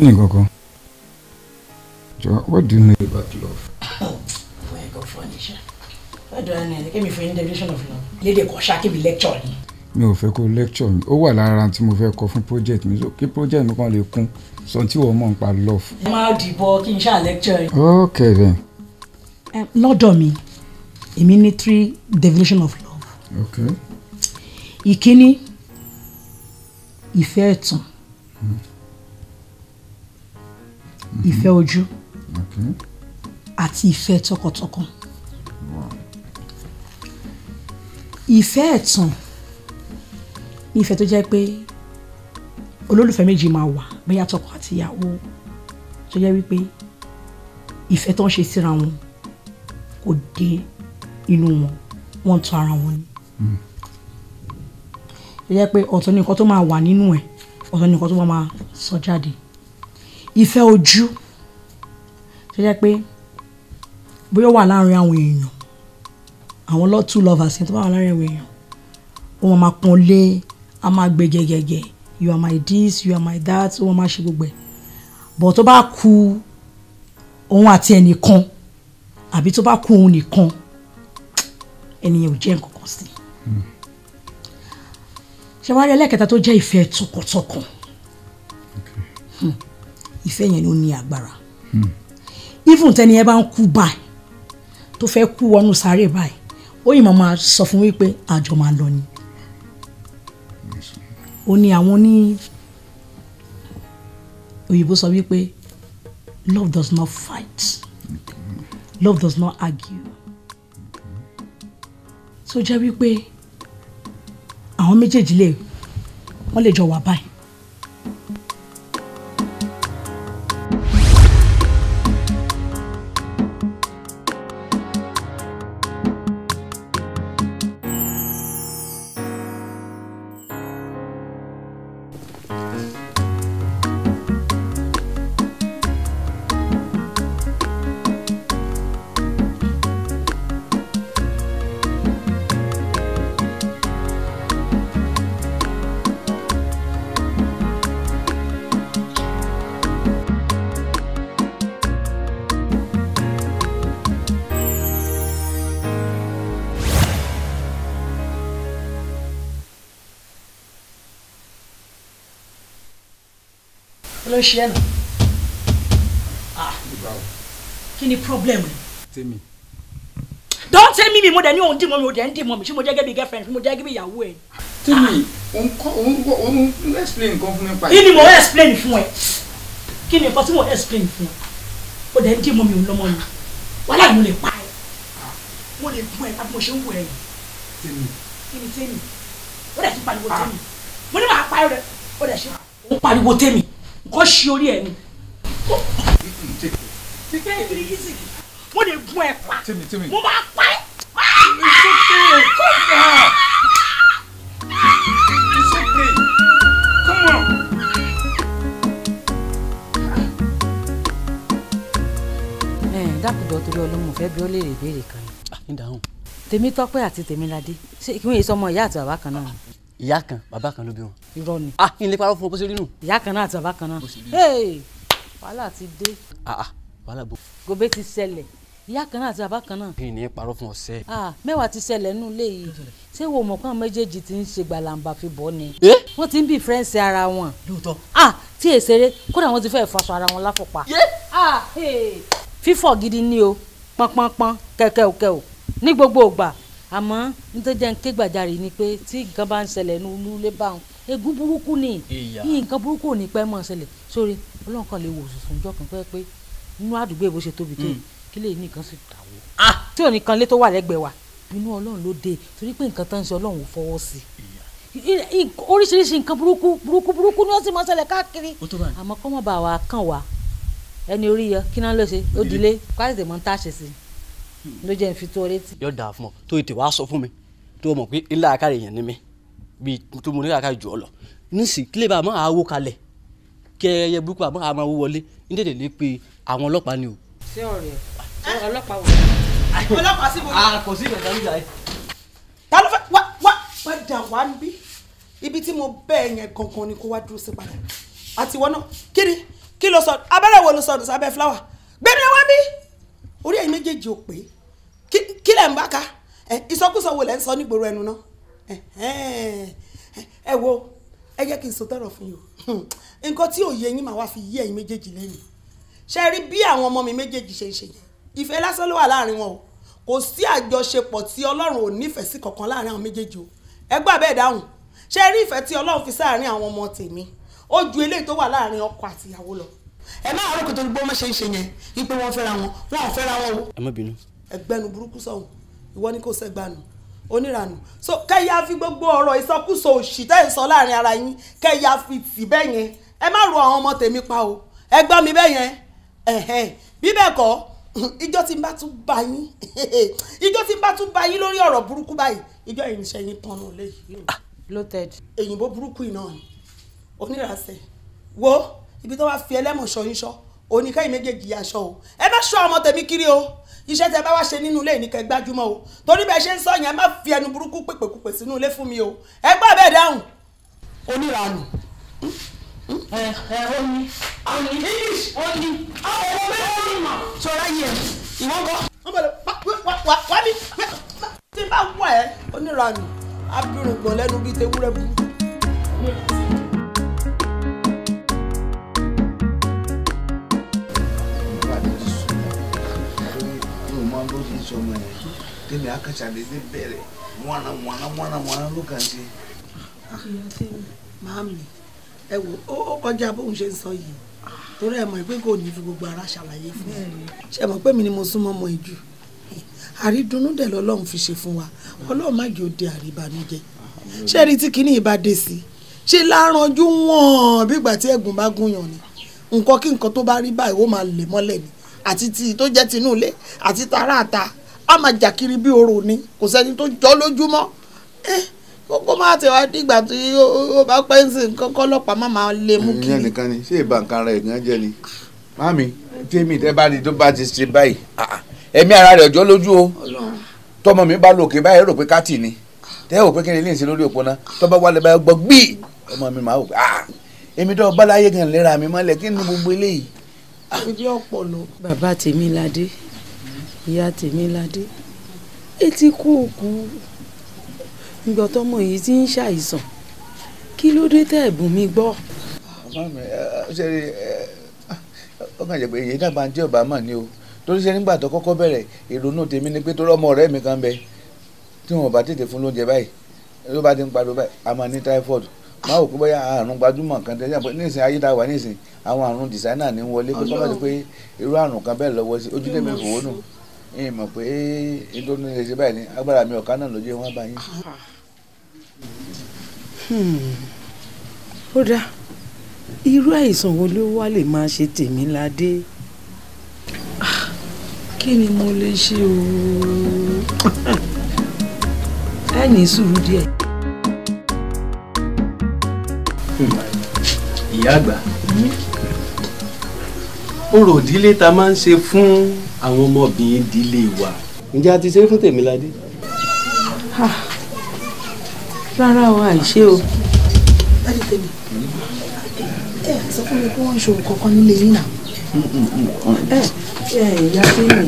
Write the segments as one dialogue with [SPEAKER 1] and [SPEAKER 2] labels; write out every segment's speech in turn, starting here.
[SPEAKER 1] lónìí kankan what do you know about
[SPEAKER 2] love. fún ẹ̀kọ́ fún ẹ̀ṣẹ̀ ọ̀dọ̀ ẹni ẹni kí mi fún individuation of love lédè kan ṣáà kí mi lecture ni.
[SPEAKER 1] mi ò fẹ́ kó lecture mi ó wà lára tí mo fẹ́ kọ fún project mi kí project mi kàn lè kún sọ tí wọ́n mọ̀ nípa love.
[SPEAKER 2] ẹ máa dìbò kí n ṣáà lecture yìí. ok then. lọ́dọ̀ mi èmi ní three devolution of love. okay. ìkíní ìfẹ́ ẹ̀tàn. Hmm ìfẹ́ ojú àti ìfẹ́ tọkàntọkàn ìfẹ́ ẹ̀tàn ní ìfẹ́ tó jẹ́ pé olólùfẹ́ méjì máa wà bóyá tọkọ àti ìyàwó tó jẹ́ wípé ìfẹ́ tó ń ṣe síra wọn kò dé inú wọn wọ́n ń tọ́ ara wọn ni hmm. tó jẹ́ pé ọ̀tọ̀ ni nǹkan tó máa wà nínú ẹ̀ ọ̀tọ̀ ni nǹkan tó máa sọ jáde ìfẹ́ ojú tó jẹ́ pé bóyá wà láàrin àwọn èèyàn àwọn lọ́tù lovers yẹn tó bá wà láàrin àwọn èèyàn wọ́n máa pọ́n lé a máa gbé gẹ́gẹ́gẹ́ you are my this you are my that wọ́n máa ṣe gbogbo ẹ̀ bọ̀ tó bá ku òun àti ẹnìkan àbí tó bá ku òun nìkan ẹnìyẹn ò jẹ́ nǹkan kan sí ṣe wá rí ẹlẹ́kẹta tó jẹ́ ìfẹ́ tọkàntọkàn. Okay. Hmm ìfẹ́ yẹn ló ní agbára hmm. even tẹni ẹ bá ń kú báyìí tó fẹ́ kú wọnú sáré báyìí ó yìí máa sọ fún wípé àjọ máa lọ ni ó ní àwọn ní òyìnbó sọ wípé love does not fight love does not argue so jẹ́ wípé àwọn méjèèjì lè wọ́n lè jọ wà báyìí ń ṣe ẹ̀ nà ah. kí ni problem ni. tèmi. don't tell me mi mo dẹ̀ ní òun dì mọ́ mi ò dẹ̀ ń dì mọ́ mi ṣé mo jẹ́ gẹ́gẹ́ bí girlfriend ṣé mo jẹ́ gẹ́gẹ́ bí ìyàwó ẹ̀. tèmi ah. òun explain nǹkan fún mi pa. kí ni mo explain fún ẹ kí ni nǹkan tí mo explain fún ẹ o dẹ̀ ń dì mọ́ mi ò lọ́mọ mi wàhálà mo lè pa ẹ ah. mo lè gun ẹ tàbí mo ṣe ń wọ ẹ. tèmi. kí ni tèmi o dẹ̀ tún pariwo tèmi mo ní màá pa ẹ o dẹ̀ ṣe. o pariwo tèmi kó ṣe orí ẹ ni.
[SPEAKER 3] mo lè gun ẹ pa mo máa pa ẹ. Come
[SPEAKER 1] on.
[SPEAKER 2] dákùdọ̀ torí ọlọ́mọ fẹ́ bí ó lè rè béèrè kan ah, ni. tèmi tọ́pẹ́ àti tèmi ládé ṣé kí wọ́n yé sọmọ ìyá àti bàbá kan náà ìyá kan bàbá kan ló bí wọn. irọ́ ni. ah ilé parọ́ fún ọ bó ṣe rí ìyá kan náà àti bàbá kan náà. wàhálà ti dé. ah ah wàhálà bò. gobe ti ṣẹlẹ̀ ìyá kan náà àti bàbá kan náà. kí ni parọ́ fún ọ ah mẹ́wàá ti ṣẹlẹ̀ nù lé yìí ṣé wo mọ̀ pé àwọn méjèèjì ti ń ṣe gbàlàǹbà fi bọ́ ni. Eh? wọ́n ti ń bí fẹ́ǹsì ara wọn. lóòótọ́. ah tí èsèré kódà wọ́n ti fẹ́ faṣọ ara wọn láfọ̀pá. Eh? ah fífọ̀ gidi ni o pọ́npọ́npọ́n kẹ́kẹ́ òkẹ́ ò ní gbogbo ògbà àmọ́ nítorí jẹ́ ń ké gbàjarè ni pé tí nǹkan bá ń ṣẹlẹ̀ ní olúlé bá wọn ègún burúkú ni yìí nǹkan burúkú ò ní pẹ́ mọ́ ṣẹlẹ̀ sórí ọlọ́run kan lè wò sùsùn jọ kan pé pé inú àdúgbò èbó ṣe tóbi tó mm. kí lè nìkan sì dà wó ah! tí ò nìkan lé tó wà lẹ́gbẹ̀ẹ́ wa inú ọlọ́run ló dé torí pé nǹkan tó ń ṣe ọlọ́run ò fọwọ́ sí i oríṣiríṣi nǹkan burúkú burúkú burúkú ni ó sì máa ṣẹlẹ̀ káàkiri àmọ́ kọ́mọ̀bà wa kàn wá ẹni orí yẹ kí náà ló ṣe ó dilé kwásìtì mọ́ ń táṣe sí i ló jẹ́ n fi tó létí.
[SPEAKER 4] yóò dáa fún ọ tó ètè wàá sọ fún mi tó mọ̀ pé ńlá àkàrà èèyàn ni mi bí tó mo ní àkàrà jù ọ lọ nísì kílẹ̀ bá máa wó kalẹ̀ kẹyẹ burúkú àmọ́ àmọ́ wó wọlé ní tètè lè pe àwọn ọlọ́pàá ni o.
[SPEAKER 2] ṣé ọ̀rẹ́ ọlọ́pàá wò. ọlọ́pàá sí mo. a kò sí ìgbàgbọ́ níjà yìí. ta ló fẹ́ wá wá padà wá ń bí ibi tí mo bẹ́ẹ̀ yẹn gangan ni kó wá dúró sí padà àtiwọ́ náà kí kí ló sọ abẹ́rẹ́ wo ló sọ nù sábẹ́ fúláwà gbẹ́ni wá bí orí ẹ̀yin méjèèjì ò pé kí lẹ̀ ń bá ka ìsọkúsọ wo lẹ̀ ń sọ nígboro ẹnu náà ẹ wo ẹ jẹ́ kí n sọ tọ̀rọ̀ fún yín o hmm, nǹkan tí òye yín máa wá fi yí ẹ̀yin méjèèjì lẹ́yìn ṣe rí bí àwọn ọmọ mi méjèèjì ṣe ń ṣe yẹn ìfẹ́ lásán ló wà láàrin wọn o kò sí àjọṣepọ̀ tí ọlọ́run ò nífẹ̀ẹ́ sí kankan láàrin àwọn méjèèjì o ẹ gbà bẹ́ẹ̀ dáhùn ṣe rí ìfẹ́ tí ọlọ́run fi sáàrin àwọn ọmọ tèmi ó ju eléyìí tó wà láàrin ọkọ àtìyàwó lọ ẹ máa rò kòtò gbogbo ọmọ ṣe ń ṣe yẹn wípé wọ́n fẹ́ra wọn wọn ò fẹ́ra wọn o. ẹ má bínú. ẹgbẹ́nu burúkú sọ̀hún ìwọ ni kò sẹ́gbàánu oníranù so kẹ́yà fi gbogbo ọ̀rọ̀ ìsọkúsọ òṣì tẹ́ ń sọ láàrin ara yín kẹ́yà fi tì bẹ́ẹ̀ yẹn ẹ má ro àwọn ọmọ tèmi pa o ẹ gbọ́ mi bẹ́ẹ̀ yẹn ẹ̀hẹ́n bí bẹ́ẹ̀ kọ́ ìjọ tí n bá tún bá yín ìjọ tí n bá tún bá yín lórí ọ̀rọ̀ burúkú báyìí ìjọ ìrìnsẹ̀ yín tán náà léyìí. bloated. Ah, èyìnbó burúkú yìí náà ni onírasẹ̀ wo ibi tó bá fi ẹlẹ́mọ̀ ṣọ yín ṣọ oníkẹ́yìn méjèèjì yà o ẹ má ṣọ ọmọ tèmi kiri o iṣẹ́ tẹ bá wá ṣe nínú ilé ní gbájúmọ́ o torí bẹ́ẹ̀ ṣe ń sọ yẹn má fi ẹnu burúkú pèpèkúpè sínú ilé fún mi o ẹ gbọ́ bẹ́ẹ̀ dáhùn. oníranù ẹ ẹ oní oní english oní àwọn ọmọ mẹ́rin ní ìmọ̀ sọ̀rọ̀ ayé ẹ̀ ìwọ́n kọ́. wá ní tí bá wọ̀ ẹ́ oníranù abirùngbọ̀n lẹ́nu bíi tewúrẹ́ burúkú.
[SPEAKER 4] sọmọ yẹn tèmi akásàdédé bẹ̀rẹ̀ mọ́nà mọ́nà mọ́nà mọ́nà ló kàn ṣe.
[SPEAKER 2] ìyá tèmi màámi ẹ wò ó kọjá bóun ṣe ń sọ yìí torí ẹ mọ̀ pé kò ní fi gbogbo ara ṣàlàyé fún ẹ ṣe mọ̀ pé mi ni mo súnmọ́ ọmọ ìjù àrídùnnú dẹ̀ lọ́lọ́run fi ṣe fún wa ọlọ́run má jẹ́ òde àríbànújẹ́ ṣé rí tí kinní ìbá dé sí ṣe láranjú wọ̀n bígbà tí ẹ̀gùn bá gúnyàn ni nǹkan kí nǹkan tó bá rí báyìí ó máa lè mọ́lẹ̀ ni àti ti tó jẹ́ tinú ilé àti tara a máa jà kiri bí orò ni kò sẹ́ni tó jọ lójúmọ́ kókó eh, máa tẹ̀ wá dìgbà tí ó bá pẹ́ ń sìn kọ́kọ́ ọlọ́pàá má máa lè mú kiri. ìyẹn
[SPEAKER 4] nìkan ni ṣé ìbá nǹkan ara ẹ̀gán jẹ ni mami tèmi tẹ bá ní tó bá ti ṣe báyìí ẹ̀mí ara rẹ̀ jọ lójú o tọmọ mi bá lòkè báyìí rò pé káàtì ni tẹ́ ò pé kí ni ilé ìsìn lórí òpó náà tọ́ bá wálé báyìí gbọ́ gbí ọmọ mi máa wò pé ah èmi tó bá láyé gan lera
[SPEAKER 2] mi mọ́lẹ̀ kí ni gbogbo eléyìí ó jẹ́ ọ̀pọ̀lọ. bàbá tèmi ládé ìyá tèmi ládé etí kú òkú ìgbà tọmọ yìí ti ń ṣàìsàn kí ló dé tẹ́ ẹ̀bùn mi gbọ́.
[SPEAKER 3] bàbá mi ṣe rí ó kàn
[SPEAKER 4] jẹ́ pé èyí dàgbà tí ọba mà ní o torí ṣe nígbà tó kọ́kọ́ bẹ̀rẹ̀ ìrònú tèmi ni pé torí ọmọ ọ̀rẹ́ mi kan bẹ tí wọn bá tètè fún lóúnjẹ báyìí ló bá ti ń pariwo báyìí a máa ní typhoid máa wò pé bóyá àrùn gbajúmọ̀ kan tẹ́lẹ̀ pé nísìnyí ayédáwà nísìnyí àwọn àrùn dìsáínà ní wọlé pé kọ́mọ́tì pé irú àrùn kan bẹ́ẹ̀ lọ́wọ́ sí ojúlé mi fòwó nù ẹ̀yìn mọ̀ pé nítorí lè ṣe báyìí ní agbára mi ọ̀kan náà lójú wọn bá yín.
[SPEAKER 3] Hmm.
[SPEAKER 2] ó dáa irú àìsàn wo ló wá lè máa ṣe tèmi ládé ah, kí ni mo lè ṣe o ẹ ní sùúrù díẹ̀
[SPEAKER 4] ìyá àgbà orò ìdílé ta máa ń ṣe fún àwọn ọmọbìnrin ìdílé wa ǹjẹ́ a ti ṣe fún Tèmiládé.
[SPEAKER 2] rárá o àìṣe o. láti tèmi ẹ sọ fún mi pé wọ́n ń ṣòwò kankan nílé yín náà. ẹ ẹ ìyá fíìmù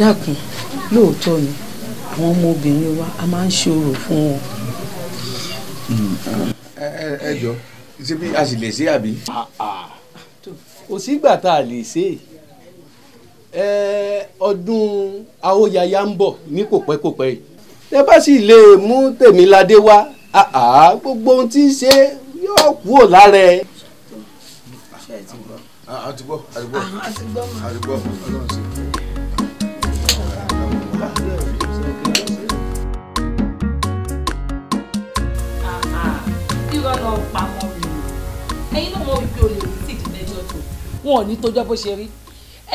[SPEAKER 2] dákun lóòótọ́ ni àwọn ọmọ wa a máa ń ṣe fún wọn
[SPEAKER 4] ẹ jọ ṣé bí a sì lè ṣe àbí. kò sígbà tá a lè ṣe ọdún awóyaya ń bọ̀ ní kò pẹ́ kò pẹ́ yìí tẹ bá sì lè mú Tèmiládé wá gbogbo ohun tí ń ṣe yóò kúrò lára ẹ. àtìgbọ́ àtìgbọ́ àtìgbọ́ àtìgbọ́ ọlọ́run sí i.
[SPEAKER 2] wá lọ pa wọn rè é ẹ̀yin náà mọ̀ wípé o lè rí sí ìdílẹ́jọ́ tó. wọn ò ní tójọ́ bó ṣe rí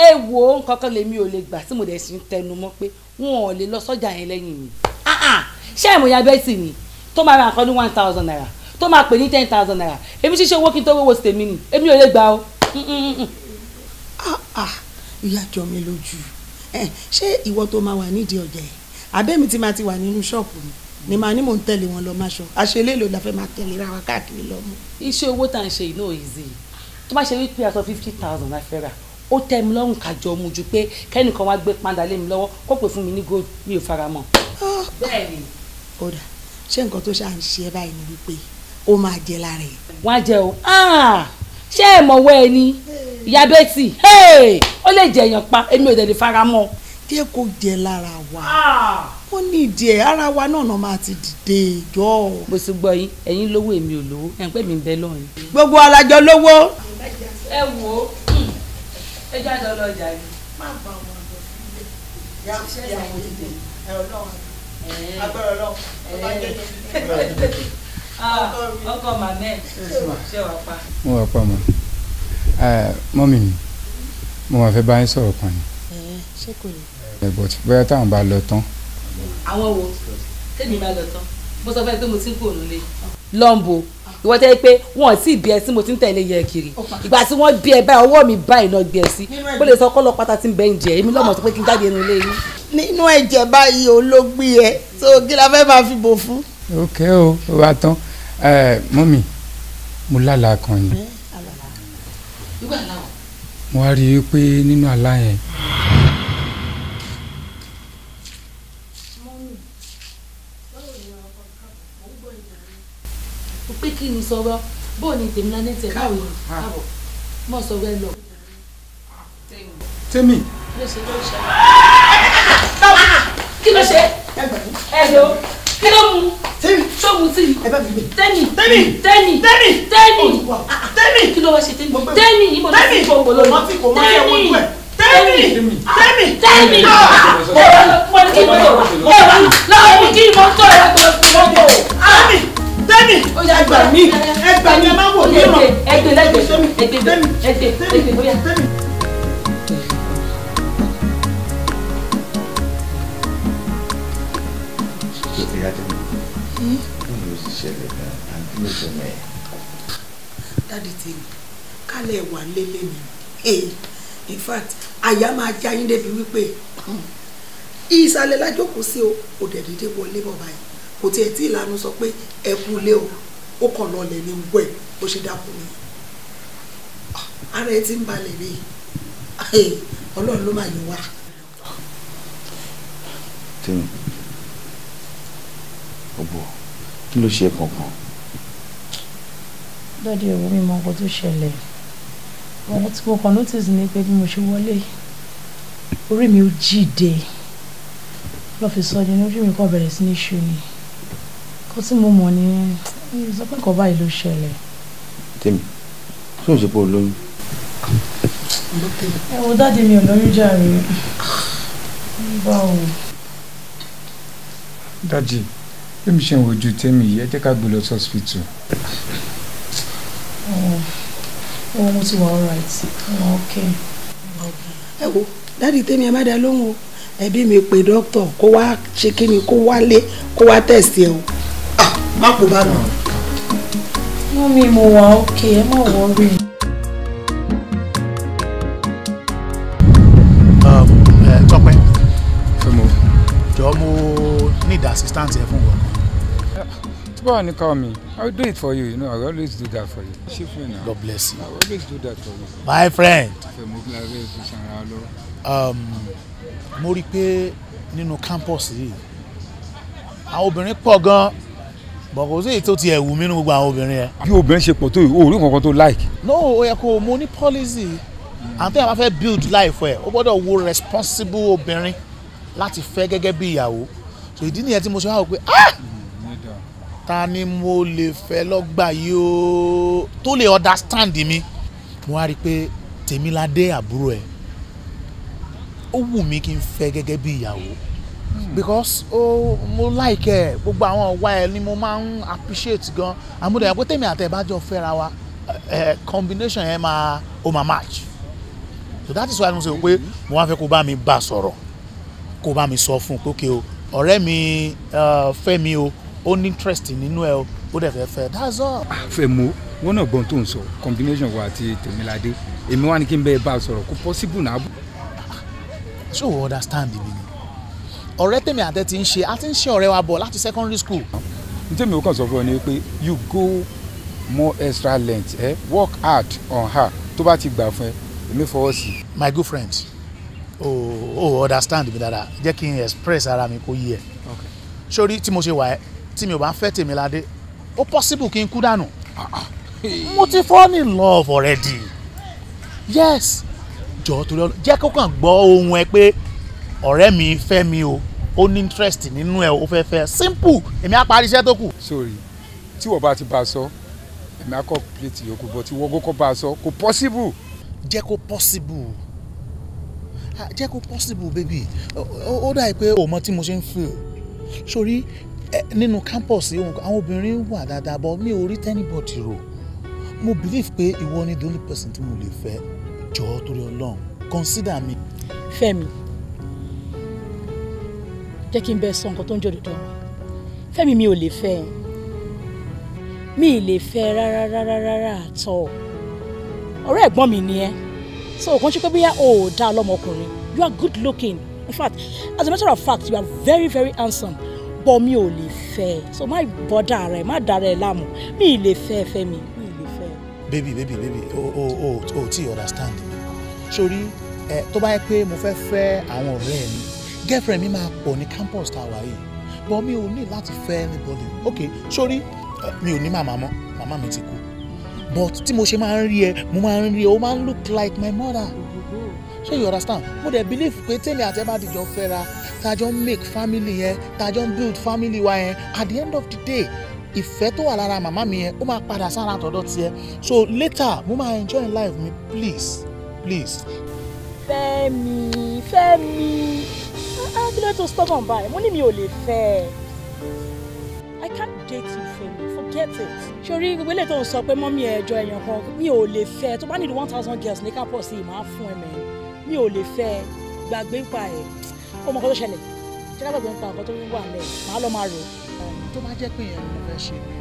[SPEAKER 2] ẹ wo nǹkan lèmi ò lè gbà tí mo dẹ̀ sì ń tẹnu mọ́ pé wọn ò lè lọ sọ́jà yẹn lẹ́yìn mi ah, ah, ṣé ìmọ̀ya bẹ́ẹ̀sì ni tó máa ra nǹkan one thousand naira tó máa pè ní ten thousand naira èmi ṣíṣe owó kí n tó wọ́wọ́ tèmi ni èmi ò lè gbà o. ìyá mm, mm, mm, ah, jọ mi lójú ṣé ìwọ tó máa wà nídìí ọjà yẹn àbẹ́mi ti máa ti wà nínú ṣọ́ọ̀pù mi ni màá ní mò ń tẹ̀lé wọn lọ máṣọ àṣelé ló la máa tẹ̀lé ra wa káàkiri lọ mú. iṣẹ́ owó tá à ń ṣe yìí náà easy tó bá ṣe wípé aṣọ fifty thousand la fẹ́ rà ó tẹ́ mi lọ́rùn kájọ mu ju pé kẹ́nìkan wá gbé pàǹdà lé mi lọ́wọ́ kó pè fún mi ní gold mi ò fara mọ́. Ah! bẹ́ẹ̀ni. ó dà ṣé nǹkan tó ṣà ṣe ẹ báyìí ni wípé ó máa jẹ lára ẹ. wọ́n á jẹ o ah! ṣé ẹ mọ̀ wẹ́ ẹ ní ìyá bẹ́tì ó lè jẹ̀yàn pa èmi ò dẹ̀ lè fara mọ́. kí ẹ kó jẹ lára wa. Ah ó ní ìdí ẹ̀ ara wa náà náà máa ti dìde ìjọ. mo sì gbọ́ yín ẹ̀yin lówó èmi ò lówó ẹ̀ ń pè mí bẹ́ẹ̀ lọ́rùn. gbogbo alájọ lówó. ẹ wò ó hmm, ẹ jẹ́ yìí. má bá wọn lọ sílẹ̀ yà á ṣe àwọn ìdè ẹ ọlọ́run agbára ọlọ́run ọba jẹ́ ah, ọkọ màmá ẹ̀ ṣe pa.
[SPEAKER 1] mo wà pa mọ́ eh, mọ́mì mi mo wà fẹ́ bá yín kan ni.
[SPEAKER 2] ẹ ṣé kò ní.
[SPEAKER 1] Eh, bóyá táwọn bá lọ tán
[SPEAKER 2] àwọn wo tèmi bá lọ tán mo sọ fẹ́ pé mo ti ń kó òun lé. lọ́ǹbù ah. ìwọ tẹ́lẹ̀ pé wọ́n ti bí ẹ sí mo ti ń tẹ̀lé yẹ kiri ìgbà tí wọ́n bí ẹ báyìí ọwọ́ mi báyìí náà gbé ẹ sí bó lè sọ kọ́ lọ́pàá tí ń bẹ́ ń jẹ èmi lọ́mọ sọ pé kí n jáde nínú ilé yín. nínú ẹ̀jẹ̀ báyìí o ló gbé ẹ tó kí la fẹ́ máa fi bò fún.
[SPEAKER 1] ok o o wa tán mọ́mì mo lálàá kan yìí mo wá rí i pé nínú àlá yẹn.
[SPEAKER 2] pé kí ni sọ̀rọ̀ bóò ni tèmi náà tẹ̀ báwo ni káàbọ̀ mọ̀ sọ̀rọ̀ ẹ lọ. tèmi. kí ló ṣe ẹ lọ kí ló mu tó mu tí tẹ́mi tẹ́mi tẹ́mi tẹ́mi tẹ́mi tẹ́mi kí ló wá ṣe tẹ́mi tẹ́mi ìmọ̀ náà ti fọ̀ wọ́n lórí tẹ́mi tẹ́mi tẹ́mi tẹ́mi mo ní kí n bọ̀ wá lọ́wọ́ mi kí n bọ̀ tó ẹ̀ kó o tẹ́mì ẹgbà mi ẹgbà mi ẹ má wò ní ìrọ̀ ẹgbẹ́ lẹ́gbẹ̀ẹ́ ẹgbẹ́ ẹgbẹ́ ẹgbẹ́ bóyá. dáàdì tèmi kálẹ̀ wà lélẹ̀ mi in fact àyà máa já yín débi wípé hmm, ìsàlẹ̀ la jókòó sí o ò dẹ̀ dídé wọlé bọ̀ báyìí kò tiẹ̀ tí ìlànà sọ pé ẹ kú lé o ó kàn lọlẹ̀ ní wẹ̀ bó ṣe dákú ni ah, ara ẹ ti ń balẹ̀ rí ọlọ́run ló máa yọ wá.
[SPEAKER 4] tẹ́yìn ọ̀bọ̀ kí ló ṣe kankan.
[SPEAKER 2] dádì òun mi mọ nǹkan tó ṣẹlẹ̀ ohun tí mo kàn notice ni pé bí mo ṣe wọlé orí mi ò jíde lọ́ọ́ fi sọ ni ojú mi kàn bẹ̀rẹ̀ sí ní ṣu ni kó tí mo mọ̀ ní sọ pé nǹkan báyìí ló ṣẹlẹ̀.
[SPEAKER 4] tèmi ṣé o ṣe pé o lóyún.
[SPEAKER 2] ẹ wo dáàdi mi ò lóyún jàre bá o.
[SPEAKER 1] dáàdi èmi ṣe ń wojú tèmi yìí ẹ jẹ́ ká gbé lọ sí hospital.
[SPEAKER 2] ọ̀hún mo ti wà alright ọ̀hún ok. ẹ wo dáàdi tèmi ẹ má dá lóhùn o ẹbí mi pè dókítà kó wá ṣe kí ni kó wálé kó wá tẹ̀sí ẹ o má kó bá mi. wọ́n mi mo wà ókè ẹ má wọ́n rí
[SPEAKER 3] um, eh, tọ́pẹ́ jọ mo need assistance ẹ fún wọn. Go on, call me. I will do it for you. You know, I
[SPEAKER 1] will always do that for you. She friend now. God bless you. I will always do that for you. My friend.
[SPEAKER 3] Um, mo rí i pé nínú campus yìí àwọn obìnrin pọ̀ gan-an bọ̀ kò sí èyí tó ti ẹ̀wù mí nínú gbogbo àwọn obìnrin yẹn.
[SPEAKER 1] bí obìnrin ṣe pọ̀ tó yìí o ò kankan tó like.
[SPEAKER 3] no ó yẹ kó o mo ní policy àti àwọn afẹ́ build life ẹ̀ ó gbọ́dọ̀ wo responsible obìnrin láti fẹ́ gẹ́gẹ́ bí ìyàwó so ìdí nìyẹn tí mo ṣe wá wò pé ah ta ni mo lè fẹ́ lọ́gbà yìí o tó lè understand mi mo wá rí i pé Tèmiládé àbúrò ẹ̀ ó wù mí kí n fẹ́ gẹ́gẹ́ bí ìyàwó because ó mo like ẹ gbogbo àwọn ọ̀wá ẹ ni mo máa ń appreciate gan àmúdẹ̀ pé tèmi àtẹ̀ bá jọ fẹ́ra wa combination yẹn máa ó máa match so that is why mo sọ pé mo wá fẹ́ kó bá mi bá sọ̀rọ̀ kó bá mi sọ fún un pé okay o ọ̀rẹ́ mi fẹ́ mi o ó ní interest nínú ẹ o ó dẹ̀ fẹ́ fẹ́ that's all. Ah, Fẹ́mi wọn náà gbọ́n tó ń sọ combination wa àti Tèmiládé èmi wá ní kí n bẹ́ẹ̀ bá a sọ̀rọ̀ kó possible náà. so you understand mi ọ̀rẹ́ tèmi àtẹ ti ń ṣe a ti ń ṣe ọ̀rẹ́ wa bọ̀ láti secondary school. n tẹ́mi ò kàn sọ fún ọ ni pé you go more extra length eh? work hard on her tó bá ti gbà fún ẹ èmi fọwọ́ sí i. my good friend o oh, oh, understand mi dada jẹ́ kí n express ara mi kó yí ẹ sórí tí mo ṣe wà ẹ tí mi ò bá fẹ́ tèmi ládé ó possible kí n kú dànù ah, ah. mo ti fall in love already yes jọ̀ọ́ torí ọ jẹ́ kó kàn gbọ́ ohun ẹ pé ọ̀rẹ́ mi fẹ́ mi o ó ní interest nínú ẹ ó fẹ́ simple èmi á parí iṣẹ́ tó kù. sorry tí wọ́n bá ti bá a sọ èmi á kọ́ plate yòókù bọ́ tí wọ́n kọ́kọ́ bá a sọ kò possible. jẹ́ kó possible ah, jẹ́ kó possible baby ó dà pé o mọ tí mo ṣe ń feel sórí nínú campus àwọn obìnrin wà dáadáa bọ́ mi ò rí anybody rò mo believe pé ìwọ ni the only person tí mo lè fẹ́ jọ̀ọ́ torí Ọlọ́run consider me. Fẹ́mi jẹ́ kí n bẹ
[SPEAKER 2] sọ nǹkan tó ń jò dòdò mi fẹ́mi mi ò lè fẹ́ ẹ̀ mi ì lè fẹ́ rárá rárá rárá àtọ̀ ọ̀rẹ́ ẹ̀gbọ́n mi ni ẹ́ so òkun ṣe pé bóyá o ò dá ọlọ́mọkùnrin you are good looking in fact as a matter of fact you are very very handsome bọ́ mi ò lè fẹ́ so má bọ́dà rẹ̀ má dà rẹ̀ láàmú mi ì lè fẹ́ fẹ́
[SPEAKER 3] mi mi ì lè fẹ́. baby baby baby o o o o ti understand me sori ẹ tó bá yẹ pé mo fẹ́ fẹ́ àwọn ọ̀rẹ́ mi girlfriend mi máa pọ̀ ní campus tá a wà yìí but mi ò ní láti fẹ́ anybody ok sorry mi ò ní màmá mọ́ màmá mi ti kú but tí mo ṣe máa ń rí ẹ mo máa ń rí ẹ o máa ń look like my mother so you understand mo dey believe pé tèmi àti ẹ bá dìjọ fẹ́ra tájọ́ ń make family yẹn tájọ́ ń build family wa yẹn at the end of the day ìfẹ́ tó wà lára màmá mi yẹn ó máa padà sára tọ̀dọ̀ tiẹ̀ so later mo máa enjoy life mi please please.
[SPEAKER 2] Fẹ́mi Fẹ́mi ah kí ló tó stubborn báyìí mo ní mi ò lè fẹ́ ẹ i can't date you Fẹ́mi forget it sori gbogbo eléyìí tó ń sọ pé mọ́mí ẹ̀jọ̀ èèyàn kan mi ò lè fẹ́ ẹ tó bá nílò one thousand girls ní kápọ̀ sí i máa fún ẹ mẹ́rin mi ò lè fẹ́ ẹ gbàgbé ń pa ẹ̀ ó mọ nǹkan tó ṣẹlẹ̀ ṣé kábàgbé ń pa nǹkan tó wà lẹ̀ màá lọ máa rò tó bá jẹ́ pé ìyẹn ló fẹ́ ṣe ni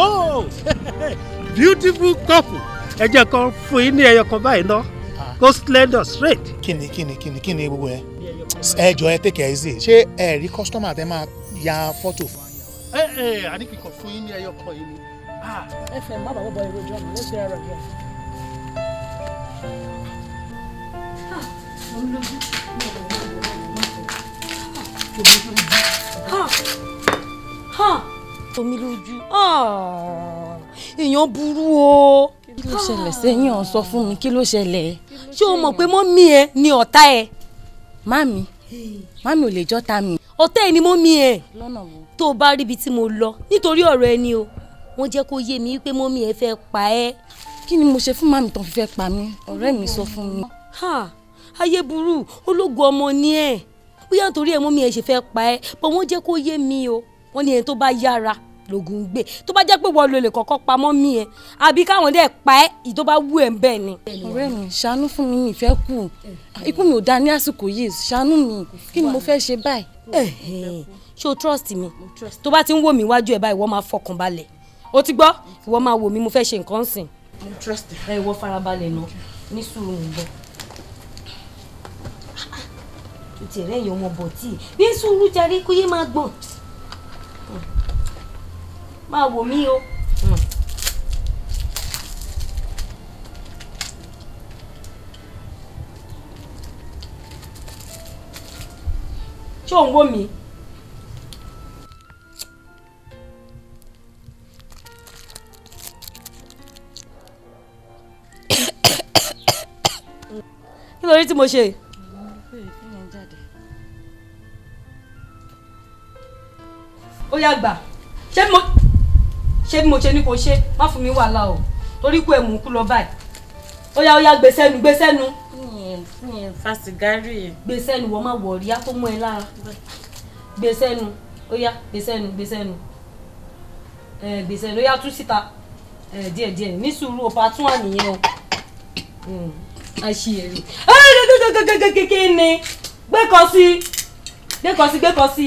[SPEAKER 2] oh
[SPEAKER 3] beautiful couple ẹ jẹ́ kan fún yín ní ẹyọ kan báyìí ná ah. go slender straight. kí ni kí ni kí ni kí ni gbogbo yẹn ẹ jọ ẹ take easy ṣé ẹ rí customer tẹ máa ya fọ́tò. ẹ ẹ àdìkìkọ fún yín ní ẹyọ kan yìí ni. Ah. ẹ fẹ́ má
[SPEAKER 2] bàbá bọ èrò ìjọ mi lẹ́sẹ̀ ara rẹ̀. tomi lójú èèyàn burú o kí ló ṣẹlẹ̀ sẹ́yìn ọ̀ sọ fún mi kí ló ṣẹlẹ̀ ṣé o mọ̀ pé mọ́mí ẹ ni ọ̀tá ẹ mami mami ò lè jọ́ta mi. ọ̀tá ẹni mo mi ẹ̀ tó o bá ríbi tí mo lọ nítorí ọ̀rọ̀ ẹni o wọ́n jẹ́ kó yé mi pé mọ́mí ẹ fẹ́ pa ẹ́. kí ni mo ṣe fún màmí tán fi fẹ́ pa mí ọ̀rẹ́ mi sọ fún mi. ha ayé burú ológun ọmọ ni ẹ bóyá nítorí ẹ mọ́mí ẹ ṣe fẹ́ pa ẹ́ pé wọ́n jẹ́ kó yé mi o wọ́n ní ẹni tó bá yára lògùn gbé tó bá jẹ́ pé wọ́n lo lè kọ́kọ́ pamọ́ mí ẹ àbí káwọn dẹ̀ pa ẹ́ ì tó bá wú ẹ̀ ń bẹ̀ ni. ọ̀rẹ́ mi ṣàánú fún mi mi fẹ́ kú ikú mi ò dáa ní àsìkò yìí ṣàánú mi kí ni mo fẹ́ ṣe báyìí. ṣé o trust mi tó bá ti ń wò mí wájú ẹ báyìí wọ́n máa fọkàn balẹ̀ o ti gbọ́ ìwọ máa wò mí mo fẹ́ ṣe nǹkan sìn. mo trust ẹ ìwọ farabalẹ̀ nà ní sùúrù ń bọ̀ tètè rẹ̀ yọ̀ ọmọ bọ̀ tí ní sùúrù máa wò mí o. ṣé ò ń wò mí. nítorí tí mo ṣe. ó yá ṣé mo ṣé bí mo ṣe ní kò ṣe má fún mi wàhálà o torí kú ẹ̀ mú kú lọ báyìí ó yá ó yá gbé sẹ́nu gbé sẹ́nu. fa sìgárì yìí. gbé wọ́n má wọ̀ rí akó mú ẹ lára gbé sẹ́nu ó yá gbé sẹ́nu gbé sẹ́nu gbé sẹ́nu ó yá tú síta díẹ̀ díẹ̀ ní sùúrù ọ̀pá tún wà nìyẹn o àṣìyẹ̀rì hmm, kékeré ni gbé kọ sí gbé kọ sí gbé kọ sí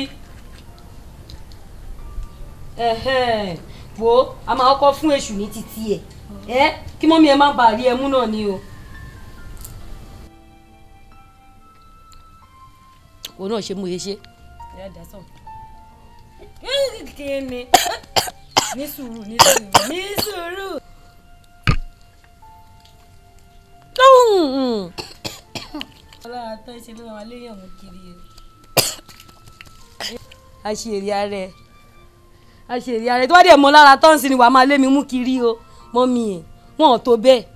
[SPEAKER 2] wo a máa kọ́ fún èṣù ní títí ẹ̀ ẹ́ kí mọ́mí ẹ má bàa rí ẹmú náà ni o. òun náà ṣe mú iye ṣe. kíni ní sùúrù ní sùúrù ní sùúrù. ọlọ́run tó ń ṣe ló máa léèyàn mú kiri a ṣe èrè ara ẹ̀ a ṣe rí ara ẹ tí wọ́n dẹ̀ mọ lára tó ń sin ni wàá máa lé mi mú kiri o mọ́ mi ẹ̀ wọ́n ò tó bẹ́ẹ̀.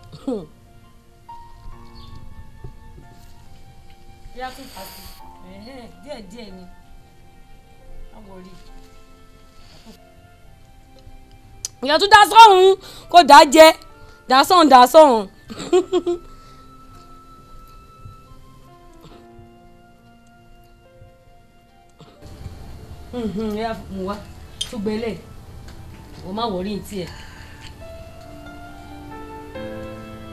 [SPEAKER 2] yá tún sọ́hún kó dá jẹ dá sọ́hún dá sọ́hún. Mm-hmm, yeah, what? ṣùgbẹ́lẹ̀ o má wọrí ní tiẹ̀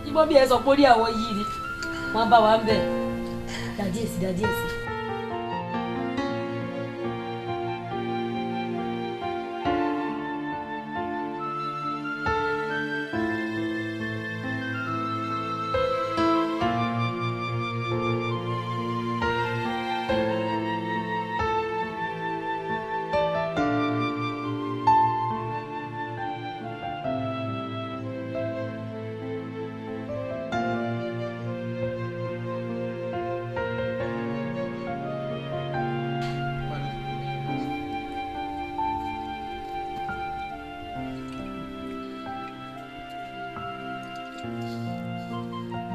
[SPEAKER 2] ibo bí ẹ sọ pé ó rí àwọn yìí rí wọn bá wa ń bẹ̀ dàdí èsì dàdí èsì.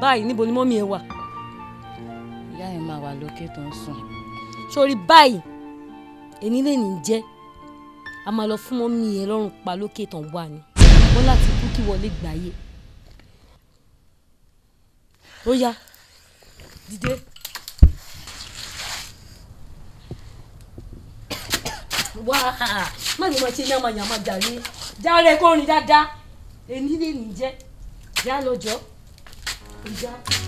[SPEAKER 2] báyìí níbo ni mọ́mí ẹ wà. ìyá ẹ máa wà lókè tó ń sùn. sórí báyìí èní lè ní jẹ́ a máa lọ fún mọ́mí ẹ lọ́rùn pa lókè tó ń wà ni wọ́n láti kú kí wọlé gbàyè. ó yá dìde. wá má ní mo ṣe ní àmàyàn àmàjà rí járe kó rin dáadáa èmi lè ní jẹ já lọ́jọ́. 回家。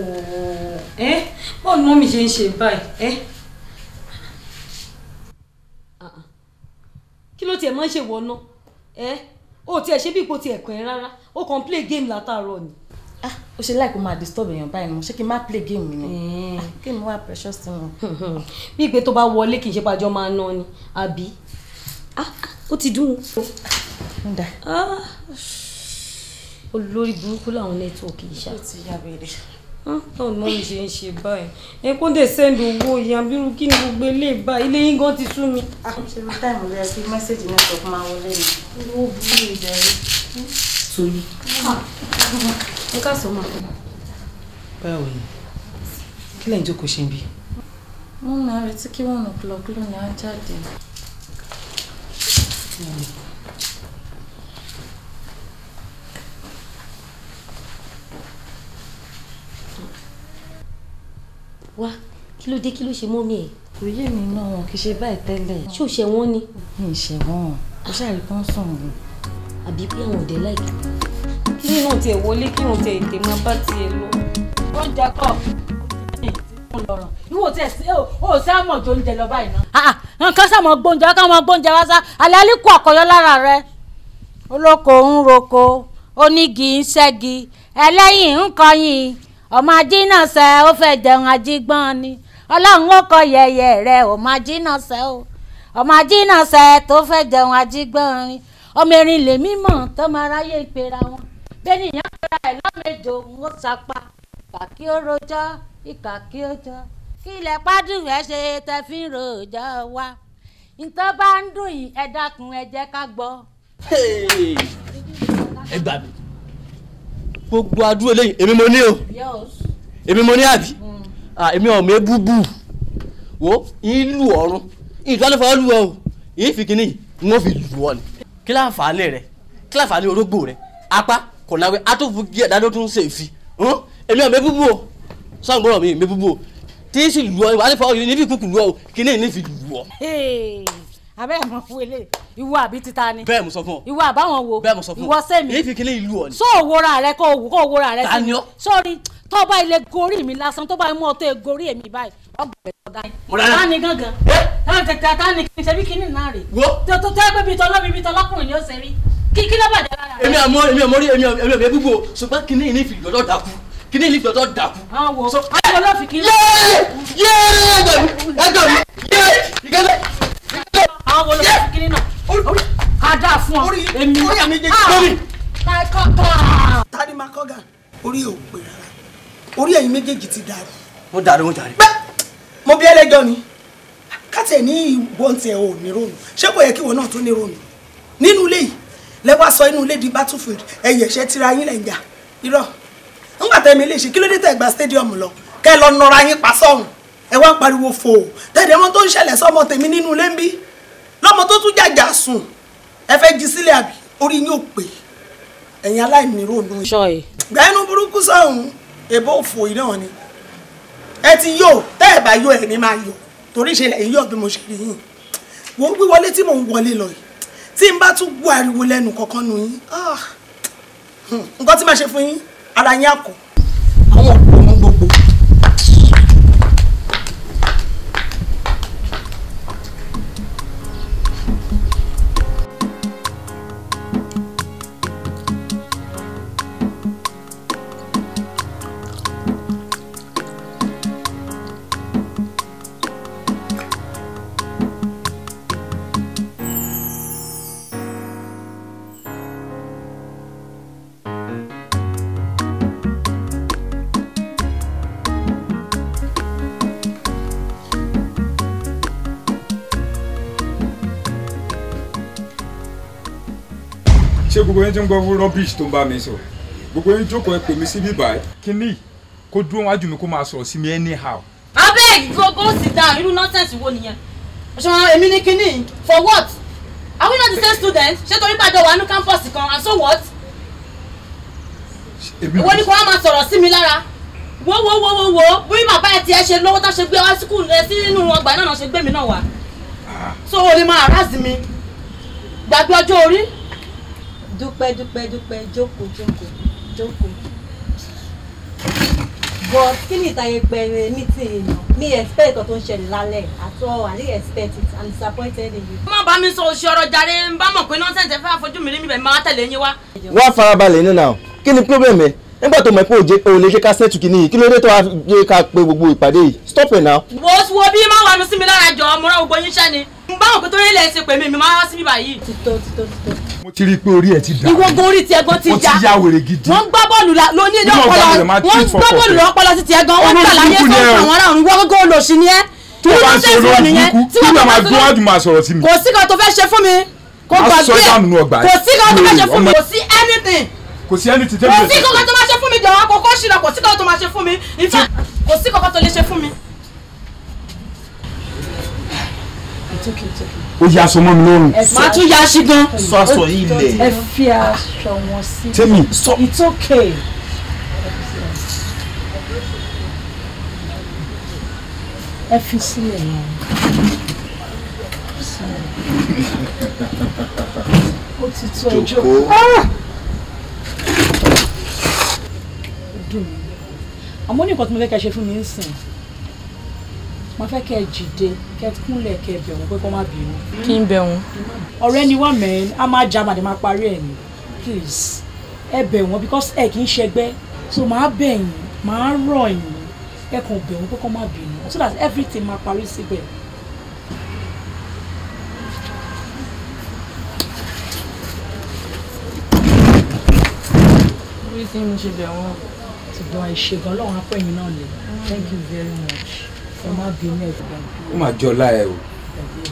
[SPEAKER 2] ẹ eh, bọ́ọ̀ ni mọ́mì ṣe ń ṣe báyìí ẹ. Eh? kí ló tiẹ̀ máa ń ṣe wọ ná ẹ eh? o tiẹ̀ ṣe bí ipò tiẹ̀ kàn ẹ́ rárá o kàn play game látàárọ̀ ni. ah o ṣe láìpẹ́ máa disturb èèyàn báyìí ni mo ṣé kí n má play game ni ah, kí mi wá precious sí mi. Hmm, hmm. bí ìgbé tó bá wọlé kì í ṣe pàjọ́ máa ná ni àbí ah ó ti dùn o. Ah, olórí burúkú làwọn nẹ́tíwọ̀kì yìí ṣá. ó ti yá bẹ̀rẹ̀ náà mọ mi ṣe ń ṣe báyìí ẹ kó dé sẹ́ndì owó ìyàn bírú kí ni gbogbo ilé bá ilé yín gan ti sú mi. Ah, ṣé bí táìmù rẹ fi mẹ́sẹ̀gì náà sọ fún máa wọlé mi. owó burú ìjà rẹ. sori. ẹ ká sọ ma. báwo ni kí lẹ́yìn tó kò ṣe ń bí. mo ń retí kí one o'clock lónìí á jáde. wá kí ló dé kí ló ṣe mọ́ mi ẹ̀. òye mi náà wọn kì í ṣe báyìí tẹ́lẹ̀. ṣó ṣe wọ́n ni. mi ì ṣe wọ́n ó ṣàrí kan sàn wọ́n. àbí pé àwọn ọ̀dẹ́ láìpẹ́. kí ni wọn tiẹ̀ wọlé kí wọn tiẹ̀ ètè máa bá tiẹ̀ lọ. wọ́n ń jakọ̀ ìwọ tẹ ṣe o sá mọ̀ tó ń jẹ lọ báyìí náà. Ah, ah, nǹkan sàmọ gbóúnjẹ wá káwọn gbóúnjẹ wá sá alẹ́ alẹ́ kú lára rẹ olóko ń roko onígi ń ṣẹ́gi ẹlẹ́yìn ń kọyìn ọmọ ajínàṣẹ ó fẹ́ jẹun ajígbọ́n ni ọlọ́run ó kọ yẹyẹ rẹ ọmọ ajínàṣẹ ó ọmọ ajínàṣẹ tó fẹ́ jẹun ajígbọ́n ni ọmọ erin lè mímọ̀ tó máa ráyè ìpera wọn bẹ́ẹ̀ni ìyá pera ẹ̀ lọ́mẹjọ ń sapá ìkà kí ó rojọ́ ìkà kí ó jọ kí ilẹ̀ pádùn ṣe tẹ fi ń rojọ́ wa nǹkan bá ń dùn yìí ẹ dákun ẹ jẹ́ ká gbọ́. ẹ gbà mí
[SPEAKER 4] gbogbo adúrò lẹ́yìn èmi mo ní o èmi mo ní àbí mm. èmi ò mé búbú wo ìlú ọ̀run ìtọ́lẹ́fọ́ lù ọ o kínní n ó fi lù ọ ni kí rẹ kí orógbò rẹ apá kò láwé atúfù gíẹ̀ dáadọ́ tún ṣe fi èmi ò mé búbú o sọ́ǹgbọ́n mi mé búbú o tí sì lù ọ ìwádìí fọ́ ọ níbi ìkúkú lù ọ kínní ní fi lù
[SPEAKER 2] ọ abẹ́ mọ̀ fún ilé ìwọ àbí títa ni. bẹ́ẹ̀ mo sọ fún ọ. ìwọ àbáwọn wo. bẹ́ẹ̀ mo sọ fún ọ. ìwọ sẹ́mi. èyí fi kílé ìlú ọ ni. sọ òwòra rẹ kó òwò kó òwòra rẹ sí mi. taniọ. sọrí tó bá ilé gorí mi lásán tó bá mú ọtọ ẹ e gorí èmi báyìí ọgbẹ ọgá yìí. mo rárá. tani gangan. tani tẹ̀tẹ̀ tani kì í ṣe bí kíní náà rè. wo. tó tó tẹ́ pé bitọ́ lọ́bi bitọ́ lọ́kùnrin ni ó ṣe rí. kí kí ló bàjẹ́ lára rẹ. èmi àmọ́ èmi àmọ́ rí èmi àmọ́ èmi gbogbo ṣùgbọ́n kíní ìní fi ìdọ́dọ̀ dàkú kíní ìní fi ìdọ́dọ̀ dàkú. àwọn wo àwọn olófin kí. yéé yéé ẹgbẹ̀rún ẹgbẹ̀rún fún ọ èmi orí àmì jẹ lórí. tani makogan orí ò pè rárá orí ẹ̀yin méjèèjì ti dàrú. mo dàrú mo dàrú. mo bí ẹlẹ́jọ́ ni káti ẹ̀ ní ìwọ ti ẹ̀ ò ní ronú ṣé kò yẹ kí ìwọ náà tún ní ronú nínú ilé yìí lẹ́wọ́ sọ inú ilé di battlefield ẹ̀yẹ̀ ṣẹ́ tira yín lẹ̀ ń jà irọ́ nígbà tẹ́ mi lè ṣe kí ló dé tẹ́ gba stadium lọ kẹ́ lọ nọra yín pa sọ́hùn ẹ wá ń pariwo fò tẹ̀dẹ̀ mọ́ tó ń ṣẹlẹ̀ sọ́mọ tèmi nínú ilé ń bí lọ́mọ tó tún jàjà sùn ẹ fẹ́ jí sílẹ̀ àbí orí yín ò pé ẹ̀yin aláìní ròónú yìí gbà inú burúkú sọ̀hún èbó òfò yìí náà ni ẹ ti yọ tẹ́ ẹ bá yọ ẹ̀ ní máa yọ torí ṣe lẹ́yìn yọ mo ṣe rí yín wo wíwọlé tí mò ń wọlé lọ yìí tí n bá tún gbọ́ ariwo lẹ́nu kankan nù yín ah, hmm, nǹkan tí máa ṣe fún yín ara yín àkọ́
[SPEAKER 1] gbogbo yín ti ń gbọ́ rubbish tó ń bá mi sọ
[SPEAKER 5] gbogbo yín jókòó ẹ pè mí síbí báyìí. kínní kó dúró wájú mi kó máa sọ̀rọ̀ sí mi anyhow.
[SPEAKER 2] abeg go go sit down irú nonsense wo nìyẹn.
[SPEAKER 5] ṣùgbọ́n èmi ni kínní for what
[SPEAKER 2] are we not the same student ṣé torí pàjọ wà ní campus kan and so what. ìwọ ni kò wá máa sọ̀rọ̀ sí mi lára wo wo wo wo wo bí màá bá ẹ tiẹ̀ ṣe lọ́wọ́ tá ṣe gbé wá síkúù ẹ sí nínú ọgbà náà ṣe gbé mi náà wá ah. so o lè máa rásì mi gbàgbé ọjọ́ orí dúpẹ́ dúpẹ́ dúpẹ́ jókòó jókòó jókòó but kí ni ìtàyè gbẹ̀rẹ̀ meeting yìí mi expect ọ̀tọ̀ ń ṣẹlẹ̀ lálẹ́ at all i didn't expect it i'm disappointed in you. má bá mi sọ oṣù ọ̀rọ̀ jàre ń bá mọ̀ pé nọ́ńsẹ̀ǹsì fẹ́ àfojú mi rí mi bẹ̀ máa tẹ̀lé yín wá.
[SPEAKER 4] wá farabalẹ̀ nínú àwọn kí ni problem ẹ nígbà tó mọ̀ pé o lè ṣe ká ṣètù kìíní yìí kí ló dé tó wàá yé ká pe gbogbo ìpàdé yìí
[SPEAKER 5] stop it now.
[SPEAKER 2] wo wo bí má wà nù sí mi lára jọ mo rán gbogbo yín ṣẹ́ ni. n bá òkú tó yẹ lẹ́sìn pèmí mi má wá síbí báyìí. títọ́ títọ́ títọ́
[SPEAKER 5] mo ti rí i pé orí ẹ ti dà. ìwọ gan orí tiẹ̀ gan ti já. ó ti ya wèrè gidi. wọ́n ń gbá la ló ní ilé ọpọlọ wọ́n ń gbá bọ́ọ̀lù lọ́pọlọ sí tiẹ̀ gan wọ́n ń tàlàyé sọ́ọ̀tì àwọn ará
[SPEAKER 2] òun wọ́n gán olóṣì ni ẹ́. tó bá ń ṣe olórí burúkú tí wọ́n máa gbọ́ wájú
[SPEAKER 5] máa sọ̀rọ̀ sí mi. kò
[SPEAKER 2] sí kan tó fẹ́ ṣe fún
[SPEAKER 5] mi kò gbàgbé kò sí kan tó fẹ́ ṣe fún mi kò sí anything kò sí ẹni tìtẹ́ kò sí kankan
[SPEAKER 2] tó máa ṣe fún mi jọ̀wọ́ kò kó
[SPEAKER 4] ó yà aṣọ mọ́ mi lọ́rùn. màá tún yà aṣí gan. sọ aṣọ yìí lẹ̀. ẹ
[SPEAKER 2] fi aṣọ wọn sí. tèmi sọ. it's okay.
[SPEAKER 5] ẹ fi sílẹ̀ yẹn.
[SPEAKER 2] ti tó ọjọ́. Ah! àmọ́ ní nǹkan tí mo fẹ́ kẹ́ ṣe fún mi ń sìn mo fẹ́ kẹ́ ẹ jìde kẹ́ ẹ kúnlẹ̀ kẹ́ ẹ bẹ̀ wọ́n pé kó má bínú. kí n bẹ̀ ọ̀rẹ́ ni wọ́n mẹ́rin a máa jà màdé máa parí ẹ̀ ní please ẹ bẹ̀ wọ́n because ẹ kì í ṣẹgbẹ́ so màá bẹ̀ yín màá rọ̀ yín ẹ kàn bẹ̀ wọ́n pé kó má bínú so that everything máa parí síbẹ̀. bí tí mo ṣe bẹ̀ wọ́n. ti gbọ́ àìṣègùn ọlọ́run apẹ́yìn náà lè thank you very much ó máa
[SPEAKER 1] jọ ọlá o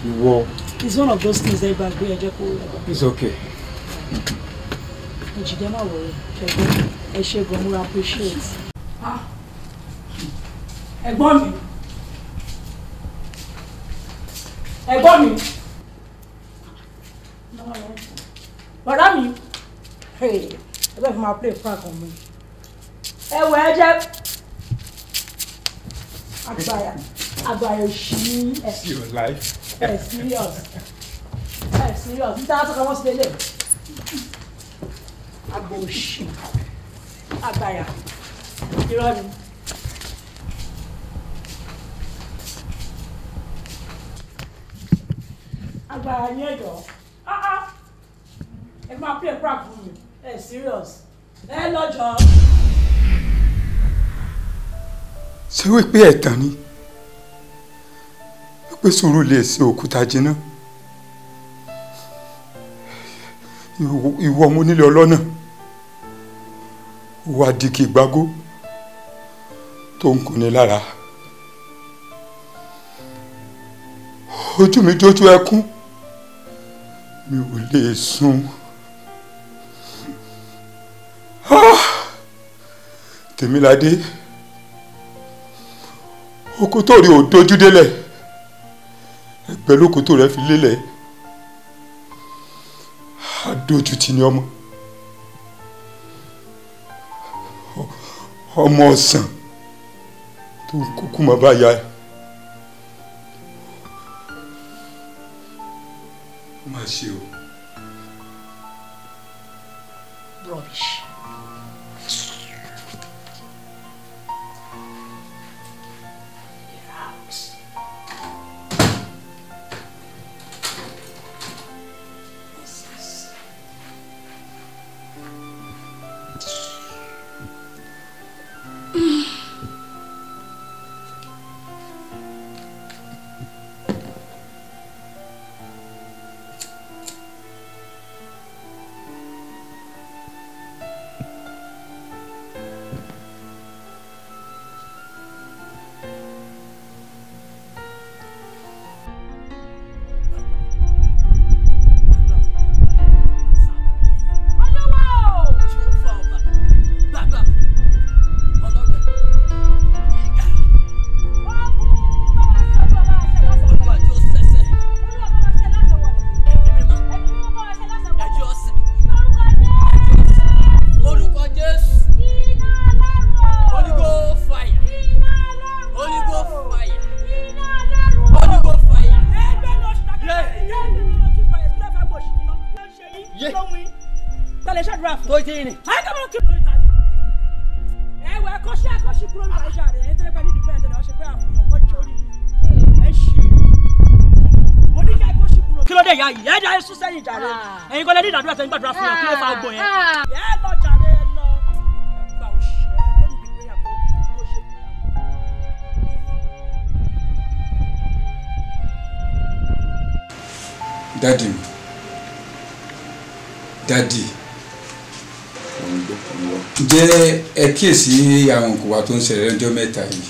[SPEAKER 1] ìwọ.
[SPEAKER 2] it's one of those things ẹ gbàgbé ẹjẹ kó. it's okay. ìjìdá máa wọ̀ ẹ́ ẹ̀gbọ́n ẹ ṣe gan mo appreciate. Ah. ẹ̀gbọ́n mi ẹ̀gbọ́n mi bọ̀dá mi ẹ bẹ́ẹ̀ fi máa play fún àkànmọ́ ẹ wọ ẹ jẹ́ àgbàyà àgbàyà òṣì ẹ ẹ serious ẹ serious níta á tọ́ka wọ́n sí lélẹ̀ àgbà òṣì àgbàyà irọ́ ni. agbára ní ẹjọ ah, ah. ẹ máa pè é pàkúrú ẹ serious ẹ lọ́jọ́
[SPEAKER 5] ṣé wípé ẹ̀tàn ni wípé sùúrù lè ṣe òkúta jiná ìwọ ọmọ onílé ọlọ́nà wà dìkì gbágó tó ń kunni lára ojú mi jójú ẹkún mi ò lè sùn Tèmiládé. Ah! oko tó rí ò dojú délẹ̀ pẹ̀lú oko tó rẹ̀ fi lélẹ̀ àdójú ti ní ọmọ ọmọ ọ̀sán tó kúkú mọ́ bá ya má ṣe o. rubbish.
[SPEAKER 2] jàre ah. ẹ̀yin kọ́lẹ́ ní ìdádúrà tẹ́yìn gbàdúrà fún yà kí ló fa ah. ogbò yẹn. Ah. yẹ ẹ lọ jàre
[SPEAKER 1] ẹ kíyèsí àwọn nǹkan wa tó ń ṣẹlẹ̀ lọ́jọ́ mẹ́ta yìí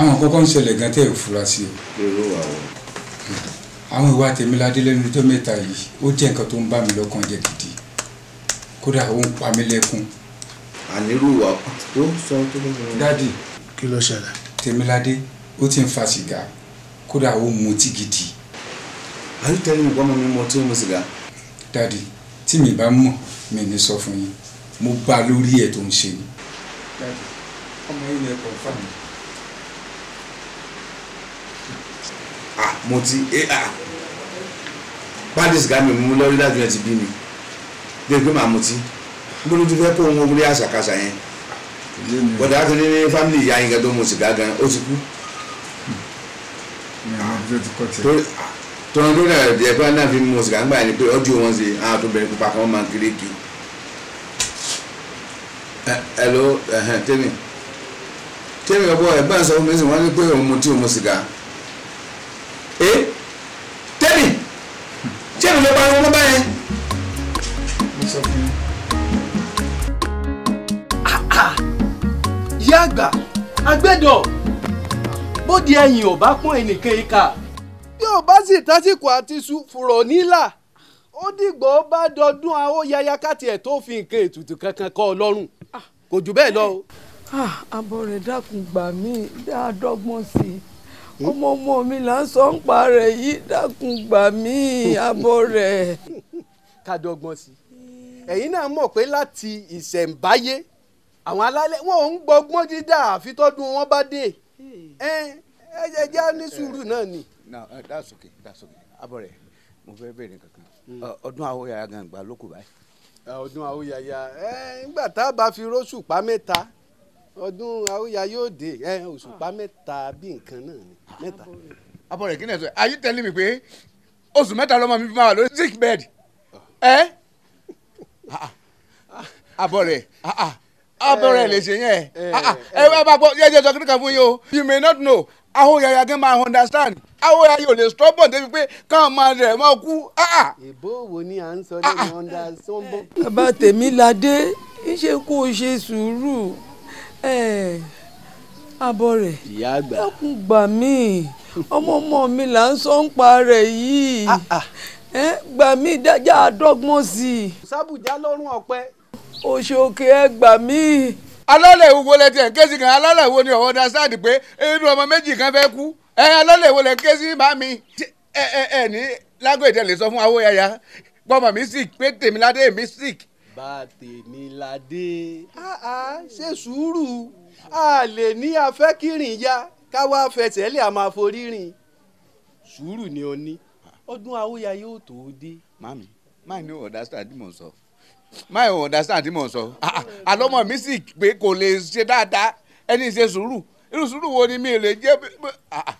[SPEAKER 1] àwọn kọ́kọ́ ń ṣẹlẹ̀ gan tẹ́ ò fura sí o àwọn ìwà Tẹ̀míládé lẹ́nu ọjọ́ mẹ́ta yìí ó jẹ́ nǹkan tó ń bà mí lọ́kàn jẹ́ gidi kódà ó ń pa mí lẹ́kún. ànírú wa ó sọ tó ń bọ̀. dádì kí ló ṣẹlẹ̀. Tẹ̀míládé ó ti ń fa sìgá kódà ó ń mutí gidi. are you telling me ìbọn mi mo tí ń mu sìgá. dádì tí mi bá mọ̀ mi ní sọ fún yín mo bá lórí ẹ̀ tó ń ṣe ni. dádì ọmọ yìí ni ẹ kàn fà
[SPEAKER 4] mo ti ar pàdé sìgá mi mú lọ́rí láti rẹ̀ ti bí mi bí pé màá mutí gbọ́dọ̀ tó fẹ́ kó ohun orí àṣàkáṣà yẹn bọ̀dà á ti ní fámìlì ìyá yín kan tó mu sìgá gan
[SPEAKER 5] ó ti kú
[SPEAKER 4] tọ́nà tó náà ẹ̀ pé náà fi mu sìgá ńgbà ni pé ọjọ́ wọn ṣe àwọn tó bẹ̀rẹ̀ pupa kan máa ń kéré kí ẹ ló tẹ́mi tẹ́mi ọ̀bọ ẹ̀ bá ń sọ fún mi sí wọ́n ní pé òun mu òun mu sìgá ee tẹ́lì tí èmi ló bá wọn mú báyẹn. Ah, ah. ìyá àgbà agbẹ́dọ̀ bóde ẹ̀yìn ò bá pọ́n ẹnìkan ìka. bí ò bá sì tásìkò àti fùrọ̀ nílà ó dìgbò bá dọdún àwọn yaya káti ẹ̀ tó fi nǹkan ètùtù kankan kọ́ ọ lọ́rùn ah. kò jù bẹ́ẹ̀ lọ.
[SPEAKER 2] àbọ̀ rẹ̀ dákun gbà mí dáadọ́gbọ́n sí i ọmọ ọmọ mi là ń sọ ń pa rẹ̀ yìí dákun gbà
[SPEAKER 4] mí abọ́ rẹ̀. kádọ́gbọ́n sí ẹ̀yin náà mọ̀ pé láti ìṣẹ̀ǹbáyé àwọn alálẹ̀ wọn ò ń gbọgbọ́n dídá àfi tọ́dún wọn bá dé ẹ ẹ jẹ́ ní sùúrù náà ni. that's okay that's okay abọ́ rẹ̀ mo fẹ́ bèrè kankan hmm. ọdún àwòyàyà gàǹgbà ló kù báyìí. ọdún àwòyàyà ẹ nígbà tá a bá fi róṣù pa mẹ́ta ọdún awúyá yóò dé ẹ òṣùpá ah. mẹ́ta bí nǹkan náà ni ah, mẹ́ta. abọ́rẹ̀ kí ni ẹ̀sọ́ are you telling me pé oṣù mẹ́ta lọ́mọ mi fi máa wà lórí sick bed ah. ẹ́ abọ́rẹ̀ abọ́rẹ̀ lè ṣe yẹn eh, eh, ẹ ẹ bá gbọ́ yẹ́n sọ kí ni kan fún yín o you may not know ahoyaya gan máa understand ahoyaya ò lè stubborn débi pé káwọn máa rẹ̀
[SPEAKER 2] máa kú. èbó wo ni à ń sọ lẹ́nu understand. bàbá tèmi ládé ń ṣe kó o ṣe sùúrù. Eh, abọ́ rẹ̀ ìyá àgbà dákun gbà mí ọmọ ọmọ mi là ń sọ ń pa rẹ̀ yìí ah, ah. Eh, gbà mí dájà àdọ́gbọ́n sí i. sábùjá lọ́rùn ọ̀pẹ.
[SPEAKER 4] oṣù òkè ẹ gbà mí. alọ́lẹ̀ ìwo lẹ tiẹ̀ kéésì kan alọ́lẹ̀ ìwo ni ọ̀wọ́ dasáàdì pé inú ọmọ méjì kan fẹ́ kú ẹ alọ́lẹ̀ ìwo lẹ kéésì bá mi. ẹ ẹ ẹ ní lágbo ìtẹ̀lẹ̀ sọ fún awóyáyá gbọ́mọ̀ mi sick pé tèmi ládé mi sick bàbá tèmi la dé. ṣe sùúrù a lè ní afẹ́kìrìn ya káwá fẹsẹ̀lẹ̀ a máa forí rìn sùúrù ni o ní ọdún awóya yóò tó dé. mami máa ní understand mò ń sọ máa ní understand mò ń sọ ah, ah, àlọ́mọ mi sì pé kò lè ṣe dáadáa ẹni ṣe sùúrù irú sùúrù wo ni mi lè jẹ́ ah,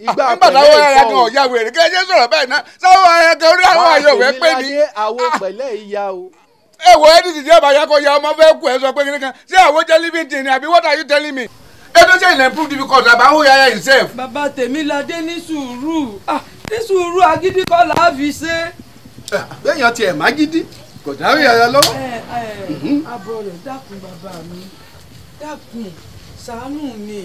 [SPEAKER 4] ìgbà ah, pẹ̀lẹ́ ìfọ̀ nígbà táwọn ọ̀yà wèrè kí ẹ ṣe sọ̀rọ̀ bẹ́ẹ̀ náà sáwọn ẹ̀ka orí àwọn àyọ̀wẹ́ pé ní. àwọn pẹ̀lẹ́ ìyá o. ẹ wo ẹni tìjẹ́ bàyá kọ ya ọmọ fẹ́ kú ẹ sọ pé kíkan ṣé àwọn jẹ́ living thing àbí what are you telling me. ẹ tó ṣe ìlẹ̀ improve difficult àbá ń hóyà himself. bàbá Tèmiládé ní sùúrù ah, ní sùúrù agídí kọ́ là á fi ṣe. Ah, bẹ́ẹ̀yàn tiẹ̀ má gidi kò dárí ara lọ́wọ́. ẹ eh,
[SPEAKER 2] ẹ eh, mhm. abọ rẹ dákun bàbá mi dákun ṣàánú mi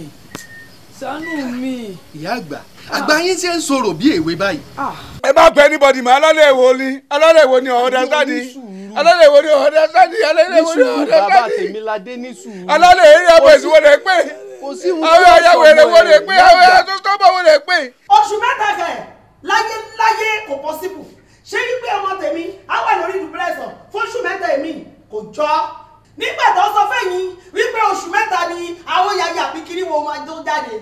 [SPEAKER 2] ṣàánú mi.
[SPEAKER 4] ìyá àgbà àgbà yín ti ń sọ̀rọ̀ bí èwe báyìí. Ah. ẹ bá pẹ́ anybody mọ́ alálẹ̀ èwo ni alálẹ̀ èwo ni ọ̀ọ́dá sáàdì alálẹ̀ èwo ni ọ̀ọ́dá sáàdì alálẹ̀ èwo ni ọ̀ọ́dá sáàdì alálẹ̀ èrè ọ̀pọ̀ ìṣòwò rẹ̀ pé àwọn ayáwó rẹ̀ wo rẹ̀ pé àwọn
[SPEAKER 2] àtúntọ́bọ̀ wo rẹ̀ pé. oṣù mẹ́ta fẹ̀ láyé láyé kò possible ṣé wípé ọmọ tèmi á wà lórí ìdúpẹ́rẹ́sọ̀ fóṣù mẹ́ta èmi kò jọ nígbà tó sọ fẹ́yìn wípé oṣù mẹ́ta ni àwọn yàyà àbí kiri wo máa tó jáde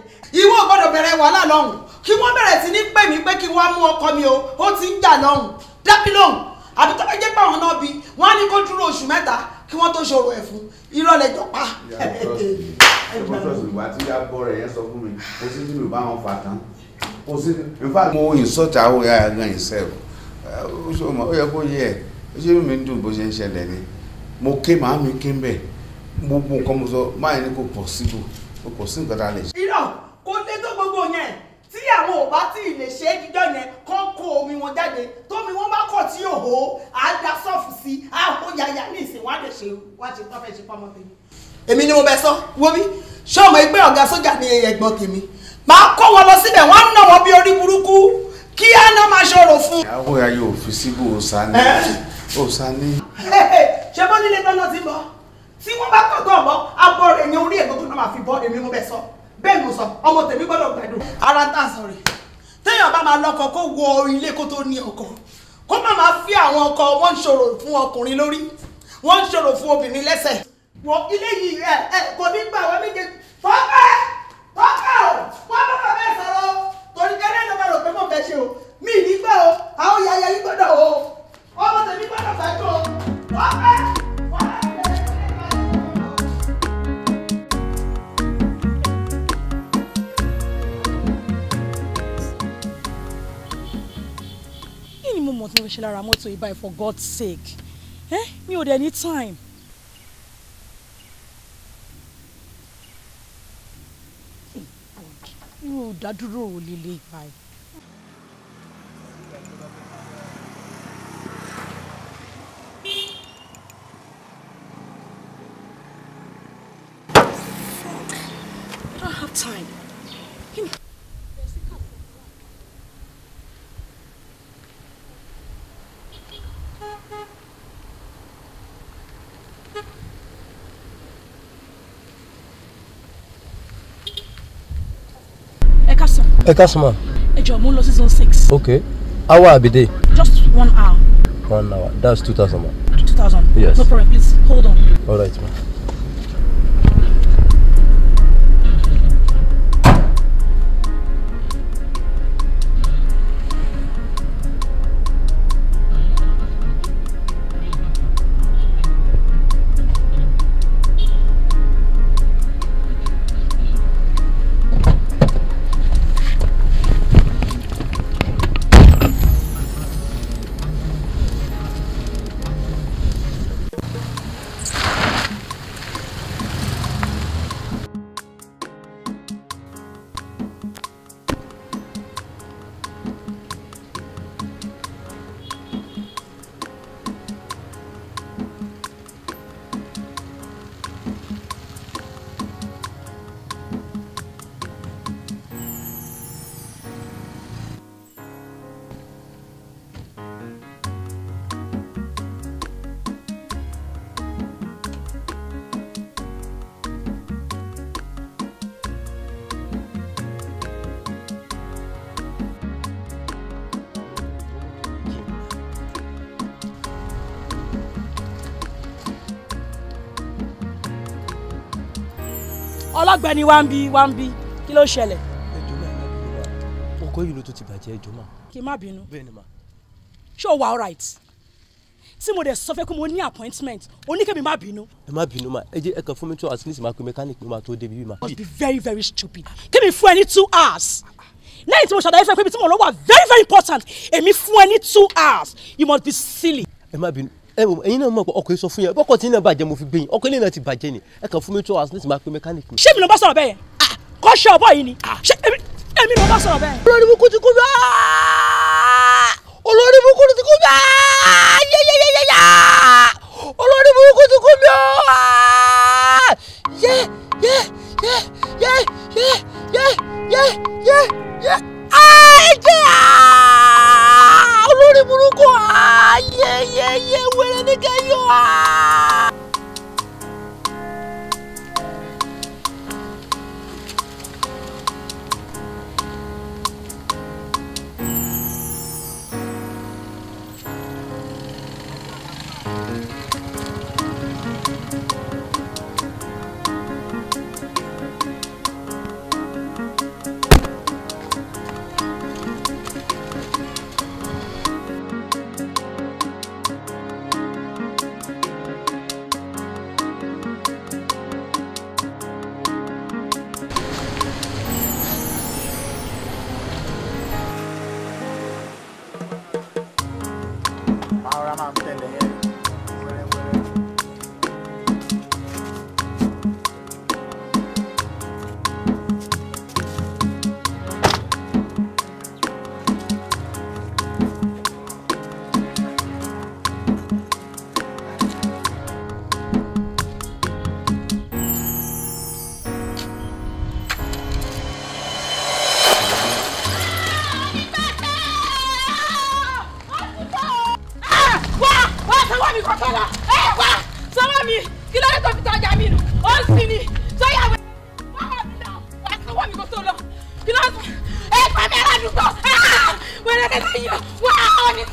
[SPEAKER 2] ìwọ gbọ́dọ̀ bẹ̀rẹ̀ wàhálà lọ́hùn kí wọ́n bẹ̀rẹ̀ sí ní pè mí pé kí wọ́n mú ọkọ mi o ó ti ń jà lọ́hùn dábì lọ́hùn àbí tó bá jẹ́ pé àwọn náà bí wọ́n á ní kó dúró oṣù mẹ́ta kí wọ́n tó ṣòro ẹ̀ fún irọ́ lẹ jọ pa. ìwà
[SPEAKER 4] tí yá bọ́ rẹ̀ yẹn sọ fún mi kò sí nínú bá fà o ó mo ké màá mi ké mbẹ gbogbo nǹkan mo sọ máa ní kò pọ̀ síbò kò
[SPEAKER 3] pọ̀ sí nǹkan tá a lè
[SPEAKER 2] irọ́ kò lè tó gbogbo yẹn tí àwọn ò bá tí ì lè ṣe é jíjọ yẹn kán kó omi wọn jáde tómi wọn bá kọ̀ tí òhò á da sọ́ọ̀fù sí i á kó yàyà ní ìsìn wá lè ṣe wá ṣe tọ́fẹ́ ṣe pamọ́ tèmi. èmi ni mo bẹ sọ wo mi ṣé ọmọ ẹgbẹ́ ọ̀gá sójà ni ẹ̀gbọ́n tèmi máa kó wọn lọ síbẹ̀ wọ́n á ná wọn bí orí burúkú kí á ná máa ṣòro fún. ìyàwó
[SPEAKER 4] ayé òfin síbò sani ó sá ní.
[SPEAKER 2] ṣé bó nílé dáná ti lọ tí wọ́n bá tọ̀tọ̀ bọ́ abọ́ rẹ̀ yẹn orí ẹ̀gbọ́n tó náà máa fi bọ́ èmi mo bẹ̀ sọ bẹ́ẹ̀ mo sọ ọmọ tèmi gbọ́dọ̀ gbẹ̀dùn. ara tá a sọ̀rọ̀ téèyàn bá máa lọ́kọ kó wọ ilé kó tó ní ọkọ kó má máa fi àwọn ọkọ wọ́n ń ṣòro fún ọkùnrin lórí wọ́n ń ṣòro fún obìnrin lẹ́sẹ̀. wọ ilé yìí ẹ ẹ kò ní gbà wọ́n méje mo fẹ́ mi ì ní gbà o àwọn yàyà yìí ọmọ tèmi gbọ́dọ̀ gbàjọ ọpẹ́. kí ni mo lára mọ́tò yìí for God's sake eh? mi ò dẹ̀ ní time. Hmm, irú ìdádúró ò lè lè báyìí. ẹ káàsán ma. ẹ jọ mo ń lọ season six.
[SPEAKER 5] ok
[SPEAKER 4] hour abide. just one hour. one hour that's two thousand ma. two thousand. yes no problem please hold on. all right ma.
[SPEAKER 2] wá ń bí wá ń bí kí ló ṣẹlẹ̀. ẹjọ́ máa ń
[SPEAKER 1] bí wa ọkọ yìí ló tún ti bàjẹ́ ẹjọ́ máa.
[SPEAKER 2] kì í má bínú ṣé o wà all right tí mo dẹ̀ sọ fẹ́ pé mo ní appointment oníkèmí má bínú.
[SPEAKER 4] ẹ má bínú ma ẹ jẹ ẹ kàn fún mi two hours nísìnyí máa pe mechanic mi máa tó débi bí ma. must be
[SPEAKER 2] very very stupid kémi fún ẹ ní two hours lẹ́yìn tí mo ṣàlàyé fún ẹ pé tí mo lọ wà very very important èmi fún ẹ ní two hours you must be silly.
[SPEAKER 4] ẹ má bínú ẹ wò ẹyin náà mọ̀ pé ọkọ̀ yìí sọ fún yẹn bọ́kọ̀ tí náà bàjẹ́ mo fi gbé yín ọkọ̀ náà ti bàjẹ́ ni ẹ kàn fún mi two hours ní ti máa pe mechanic
[SPEAKER 2] ṣé mi ló bá sọ̀rọ̀ bẹ́ẹ̀ yẹn kọ́ ṣe ọ̀bọ yìí ni ṣé èmi ló bá sọ̀rọ̀ bẹ́ẹ̀. Ah! Ah! olórí bukú ti kú bá olórí bukú ti kú bá yeyeyeyeye olórí bukú ti kú bá yẹ yẹ yẹ yẹ yẹ yẹ yẹ yẹ yẹ ayé jẹ́ àá. 这里不能过啊！耶耶耶，未来的战友啊！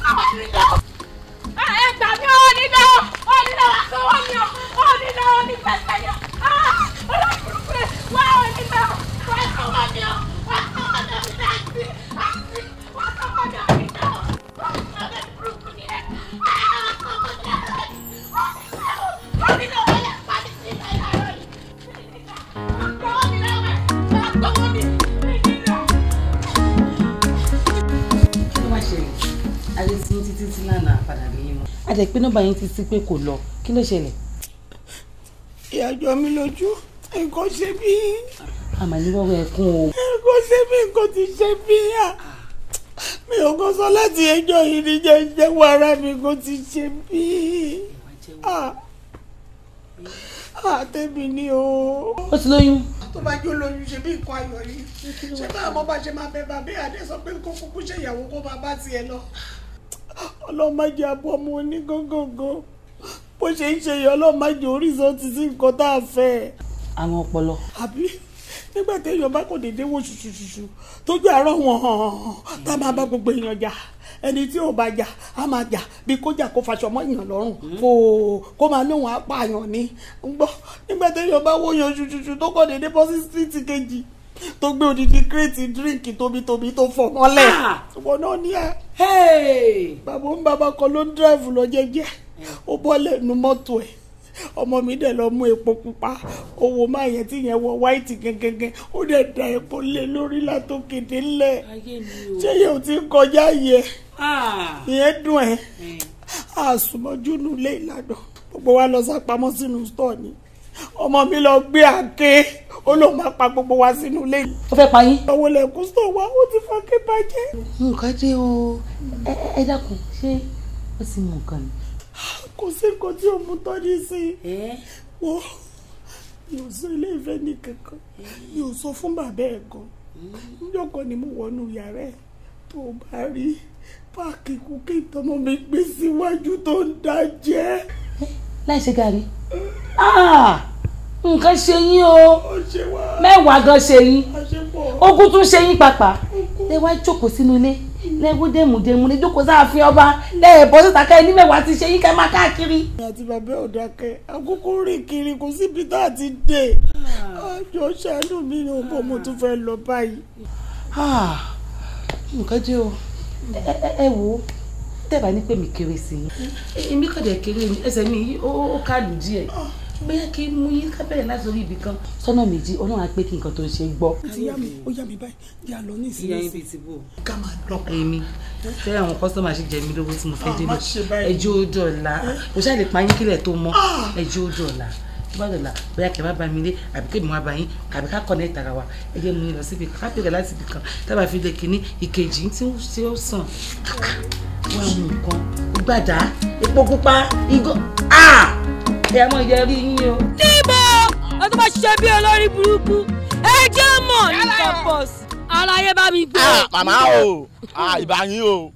[SPEAKER 2] ẹ gbà mí ò ní lọ ò ní lọ wá sọ wọn mi ò ní lọ ò ní pẹpẹ yọ. títí lánàá padà rí wọn. a jẹ́ pé nọ́mbà yín ti sí pé kò lọ kí ló ṣẹlẹ̀. ìyàjọ mi lójú nǹkan ṣe bí. àmàlíwọ́wọ́ ẹ̀kún o. nǹkan ṣe bí nǹkan ti ṣe bí yà mi ò kọ́ sọ
[SPEAKER 3] láti ẹjọ́ yìí ní jẹ́ jẹ́wọ́ ara mi kò ti ṣe
[SPEAKER 2] bí. àtẹ̀mí ni o. ó ti lóyún tó bá jó lóyún ṣe bí nǹkan ayọ̀ ni ṣé báwọn ọmọ bá ṣe máa bẹ bàbá àdé sọ pé kó kúkú ìyàwó kó máa bá tiẹ̀ lọ ọlọ́mọdé abọ́ mu onígógógó bó ṣe ń ṣe yọ ọlọ́mọdé oríṣiríṣi sí nǹkan tá a fẹ́. àwọn ọpọlọ. àbí nígbà tí èèyàn bá kò déédéé wo ṣùṣùṣùṣù tójú àárọ̀ wọn tá a máa bá gbogbo èèyàn jà ẹni tí ò bá jà á máa jà bí kó jà kó faṣọ mọ́ èèyàn lọ́rùn kó hmm. kó máa ní òun apààyàn ní gbọ́ nígbà tí èèyàn bá wó yan ṣùṣùṣù tó kọ̀ déédéé bọ́ sí stíìtì kejì tó gbé odidi kírètì díríǹkì tóbi-tóbi tó fọ́ mọ́lẹ̀ ah! wọn náà ní ẹ. bàbá ń bàbá kan ló ń dírẹ́fù lọ jẹ́jẹ́ eh. ó bọ́ lẹ́nu mọ́tò ẹ̀ ọmọ mi dẹ̀ lọ mú epo pupa owó máa yẹn tí yẹn wọ wáìtì gẹ́gẹ́gẹ́ ó dẹ̀ da epo lé lórí látó kéde ńlẹ̀ ṣé yẹn ò ti kọjá yẹ ah! ìyẹn dùn ẹ́ àsùnmọ́jú eh. nulẹ̀ ìlànà gbogbo wa lọ sápamọ́ sínú stọ̀ ni ọmọ mi lọ gbé àké ó lóun máa pa gbogbo wa sínú ilé yìí. ó fẹ́ pa yín. ọwọ́ lẹ́kùn sọ wá ó ti fa ké bàjẹ́. nǹkan dé o ẹ dákun ṣé ó ti mú nǹkan ni. kò sí nǹkan tí òun tọ́jú sí i wọ́n mi ò sọ ilé ìfẹ́ nìkankan mi ò sọ fún bàbá ẹ̀ gan níjọ́ kan ni mo wọnú yàrá ẹ̀ tó
[SPEAKER 3] bá rí páàkì kúkẹ́ ìtọ́mọ mi gbé síwájú tó ń dájẹ́.
[SPEAKER 2] láì ṣe gàrí. Ah, nǹkan ṣe yín o mẹ́wàá gan ṣe yín ogún tún ṣe yín pàápàá lẹ wá jókòó sínú ilé lẹ́wọ́ dẹ̀mùdẹ̀mù lè jókòó sáàfin ọba lẹ́yìn bọ́ síta ká ẹni mẹ́wàá ti ṣe yín ká máa káàkiri. àti bàbá ò dákẹ́ àkókò rìn kiri kò síbi tá a ti dé àjọ ah. ah, ṣàánú mi ni òkò mo tún fẹ́ lọ báyìí. nǹkan jẹ́ o ẹ wo tẹ́bà ní pé mi kéré sí i. Eh, èmi kọ̀dẹ̀ kéré ẹsẹ̀ mi ó kálù díẹ̀ bóyá kí mú yín ká bẹ̀rẹ̀ láti orí ibì kan sọ́nà méjì ọlọ́run á pé kí nǹkan tó ṣe gbọ́. ìyá mi ó yá mi báyìí yà lọ ní ìsinmi. ìyá yín bíi ti bò. ká máa lọ. èmi fẹ́ àwọn kọ́sọ́mà ṣe jẹ mí lówó tí mo fẹ́ ah, dé lọ ẹjọ́ ó dọ̀la kò ṣáà lè pa yín kílẹ̀ tó mọ́ ah! ẹjọ́ ó dọ̀la bọ́dọ̀ la bóyá kẹ́ bá ba mi lé àbí kébì wọn bá yín àbí ká kọ́ ní ìtara wa ẹ jẹ́ mú yín lọ síbi ká bẹ̀rẹ̀ láti ibì kan tábà fi lè kíní ìkejì tí ó sàn wà mú nǹkan gbàdá epo pupa igbó. Ah! ẹ mọ ìjẹrí yín o. níbo ẹ tó bá ṣe bí olórí burúkú ẹ jẹ́ mọ̀ ní campus ara yẹ bá mi gbé. Ah, màmá o
[SPEAKER 3] ah, ìbá yín o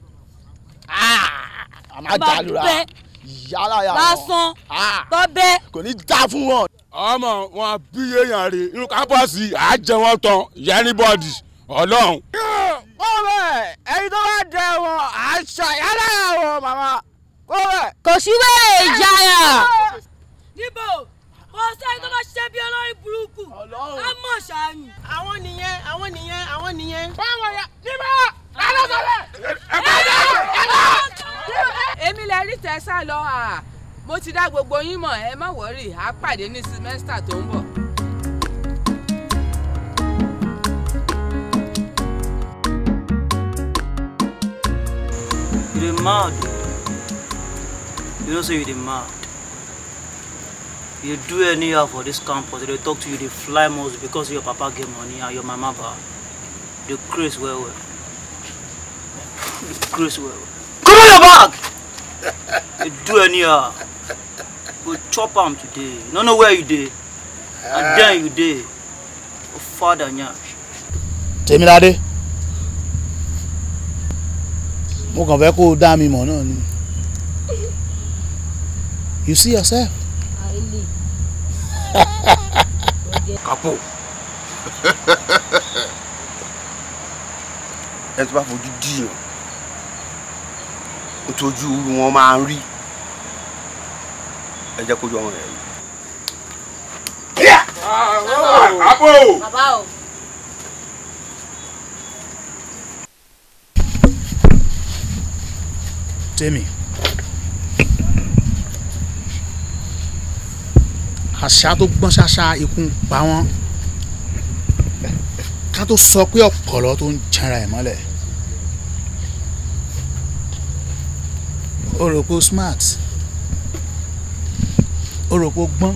[SPEAKER 3] àmà jàlúra yàrá yàrá lásán ah, tọ́bẹ̀. kò ní já fún wọn. ọmọ wọn bí èèyàn rè inú kápọ́ọ̀sì àjẹwọ́n tán yẹ́nìbọ́dì ọlọ́run.
[SPEAKER 2] kọ́ọ̀bẹ̀ ẹni tó bá jẹ wọn àṣà yàrá yàrá wọn màmá kọ́ọ̀bẹ̀.
[SPEAKER 3] kò sí wẹ́ẹ̀ ìjà yà
[SPEAKER 2] níbo kò sẹ́ni tó bá ṣiṣẹ́ bí olórin burúkú á mọ̀ ṣáàyàn. àwọn nìyẹn àwọn nìyẹn àwọn nìyẹn. báwo ya níbo alásọ̀lẹ̀. ẹ bá yà ẹ bá. èmi lè rí tẹ̀sán lọ mo ti dá gbogbo yín mọ̀ ẹ má wọ́rì á pàdé ní símẹ́sítà tó ń bọ̀. You dey mad. You know say you dey mad you do any anyhow for this campus they talk to you dey fly most because your papa gave money and your mama ba dey craze well well dey craze well well come on your bag you do any anyhow go
[SPEAKER 4] chop am today you no know where you dey
[SPEAKER 3] and ah.
[SPEAKER 4] then you did. your oh, father
[SPEAKER 1] yan.
[SPEAKER 3] Tell me, daddy. fẹ́ kó o dá mi mọ̀ náà you see yourself
[SPEAKER 2] kapo
[SPEAKER 4] ẹ ti bá fojú dìyàn ojú wọn máa ń rí ẹ jẹ́ kójú ọmọ rẹ̀
[SPEAKER 3] rí. àṣà tó gbọ́n ṣáṣá ikùn pa wọ́n ká tó sọ pé ọ̀pọ̀lọ́ tó ń jẹra ẹ̀ mọ́lẹ̀ o rò pé o smart o rò pé o gbọ́n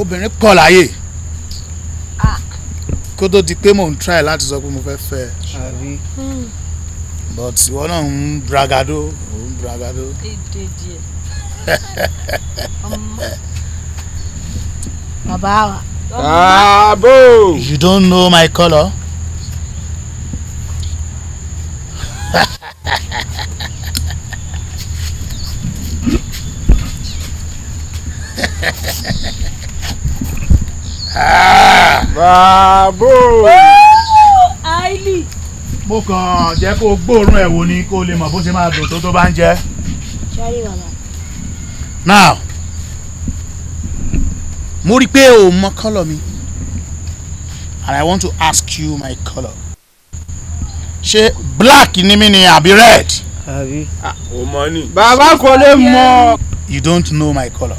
[SPEAKER 3] obìnrin pọ̀ láyè kó tó di pé mò ń try láti sọ pé mo fẹ́ fẹ́ ẹ hmm. but ìwọ náà ń bragado ń bragado. èdè Baba. Abo. You don't know my color. Babo. Aili. Mo kàn jẹ́ kó gbóòórùn ẹ̀ wò ni kó lè mọ̀ bó ṣe máa dùn tó tó bá ń jẹ.
[SPEAKER 2] Ṣé rí bàbá?
[SPEAKER 3] now mo rí i pé o mọ colour mi and I want to ask you my color. ṣé black ni mi ni àbí red.
[SPEAKER 4] àbí. Ah, o mọ ni.
[SPEAKER 3] bàbá kò lè mọ. you don't know my color.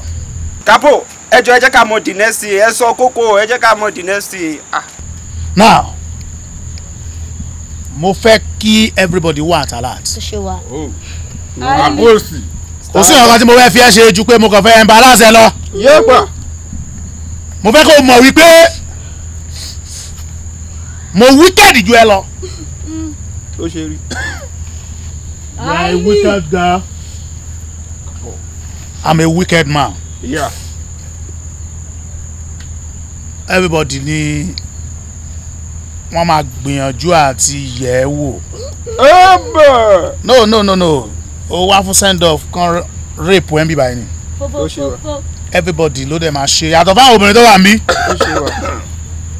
[SPEAKER 4] kapo ẹ jọ̀ọ́ ẹ jẹ́ ká mọ the next day ẹ sọ kókó ẹ ká mọ the next day. Ah.
[SPEAKER 3] now mo fẹ́ kí everybody wà at alert. ṣe wa. Oh. àbòsí kò sí ọ̀kan tí mo fẹ́ fi ẹ́ ṣe ju pé mo kàn fẹ́ ẹ̀ǹbà lọ. mo fẹ́ kó o mọ̀ wípé mo wíkẹ́ẹ̀dì ju ẹ lọ.
[SPEAKER 5] ó ṣe rí. my wicked
[SPEAKER 3] girl. I'm a wicked man. Yeah. everybody ni wọ́n máa gbìyànjú àti yẹ̀ ẹ́ wò. no no no no ó wá fún send off kan rape wẹ́ńbí báyìí ni everybody ló dẹ̀ máa ṣe yàtọ̀ fáwọn obìnrin tó wà ń bí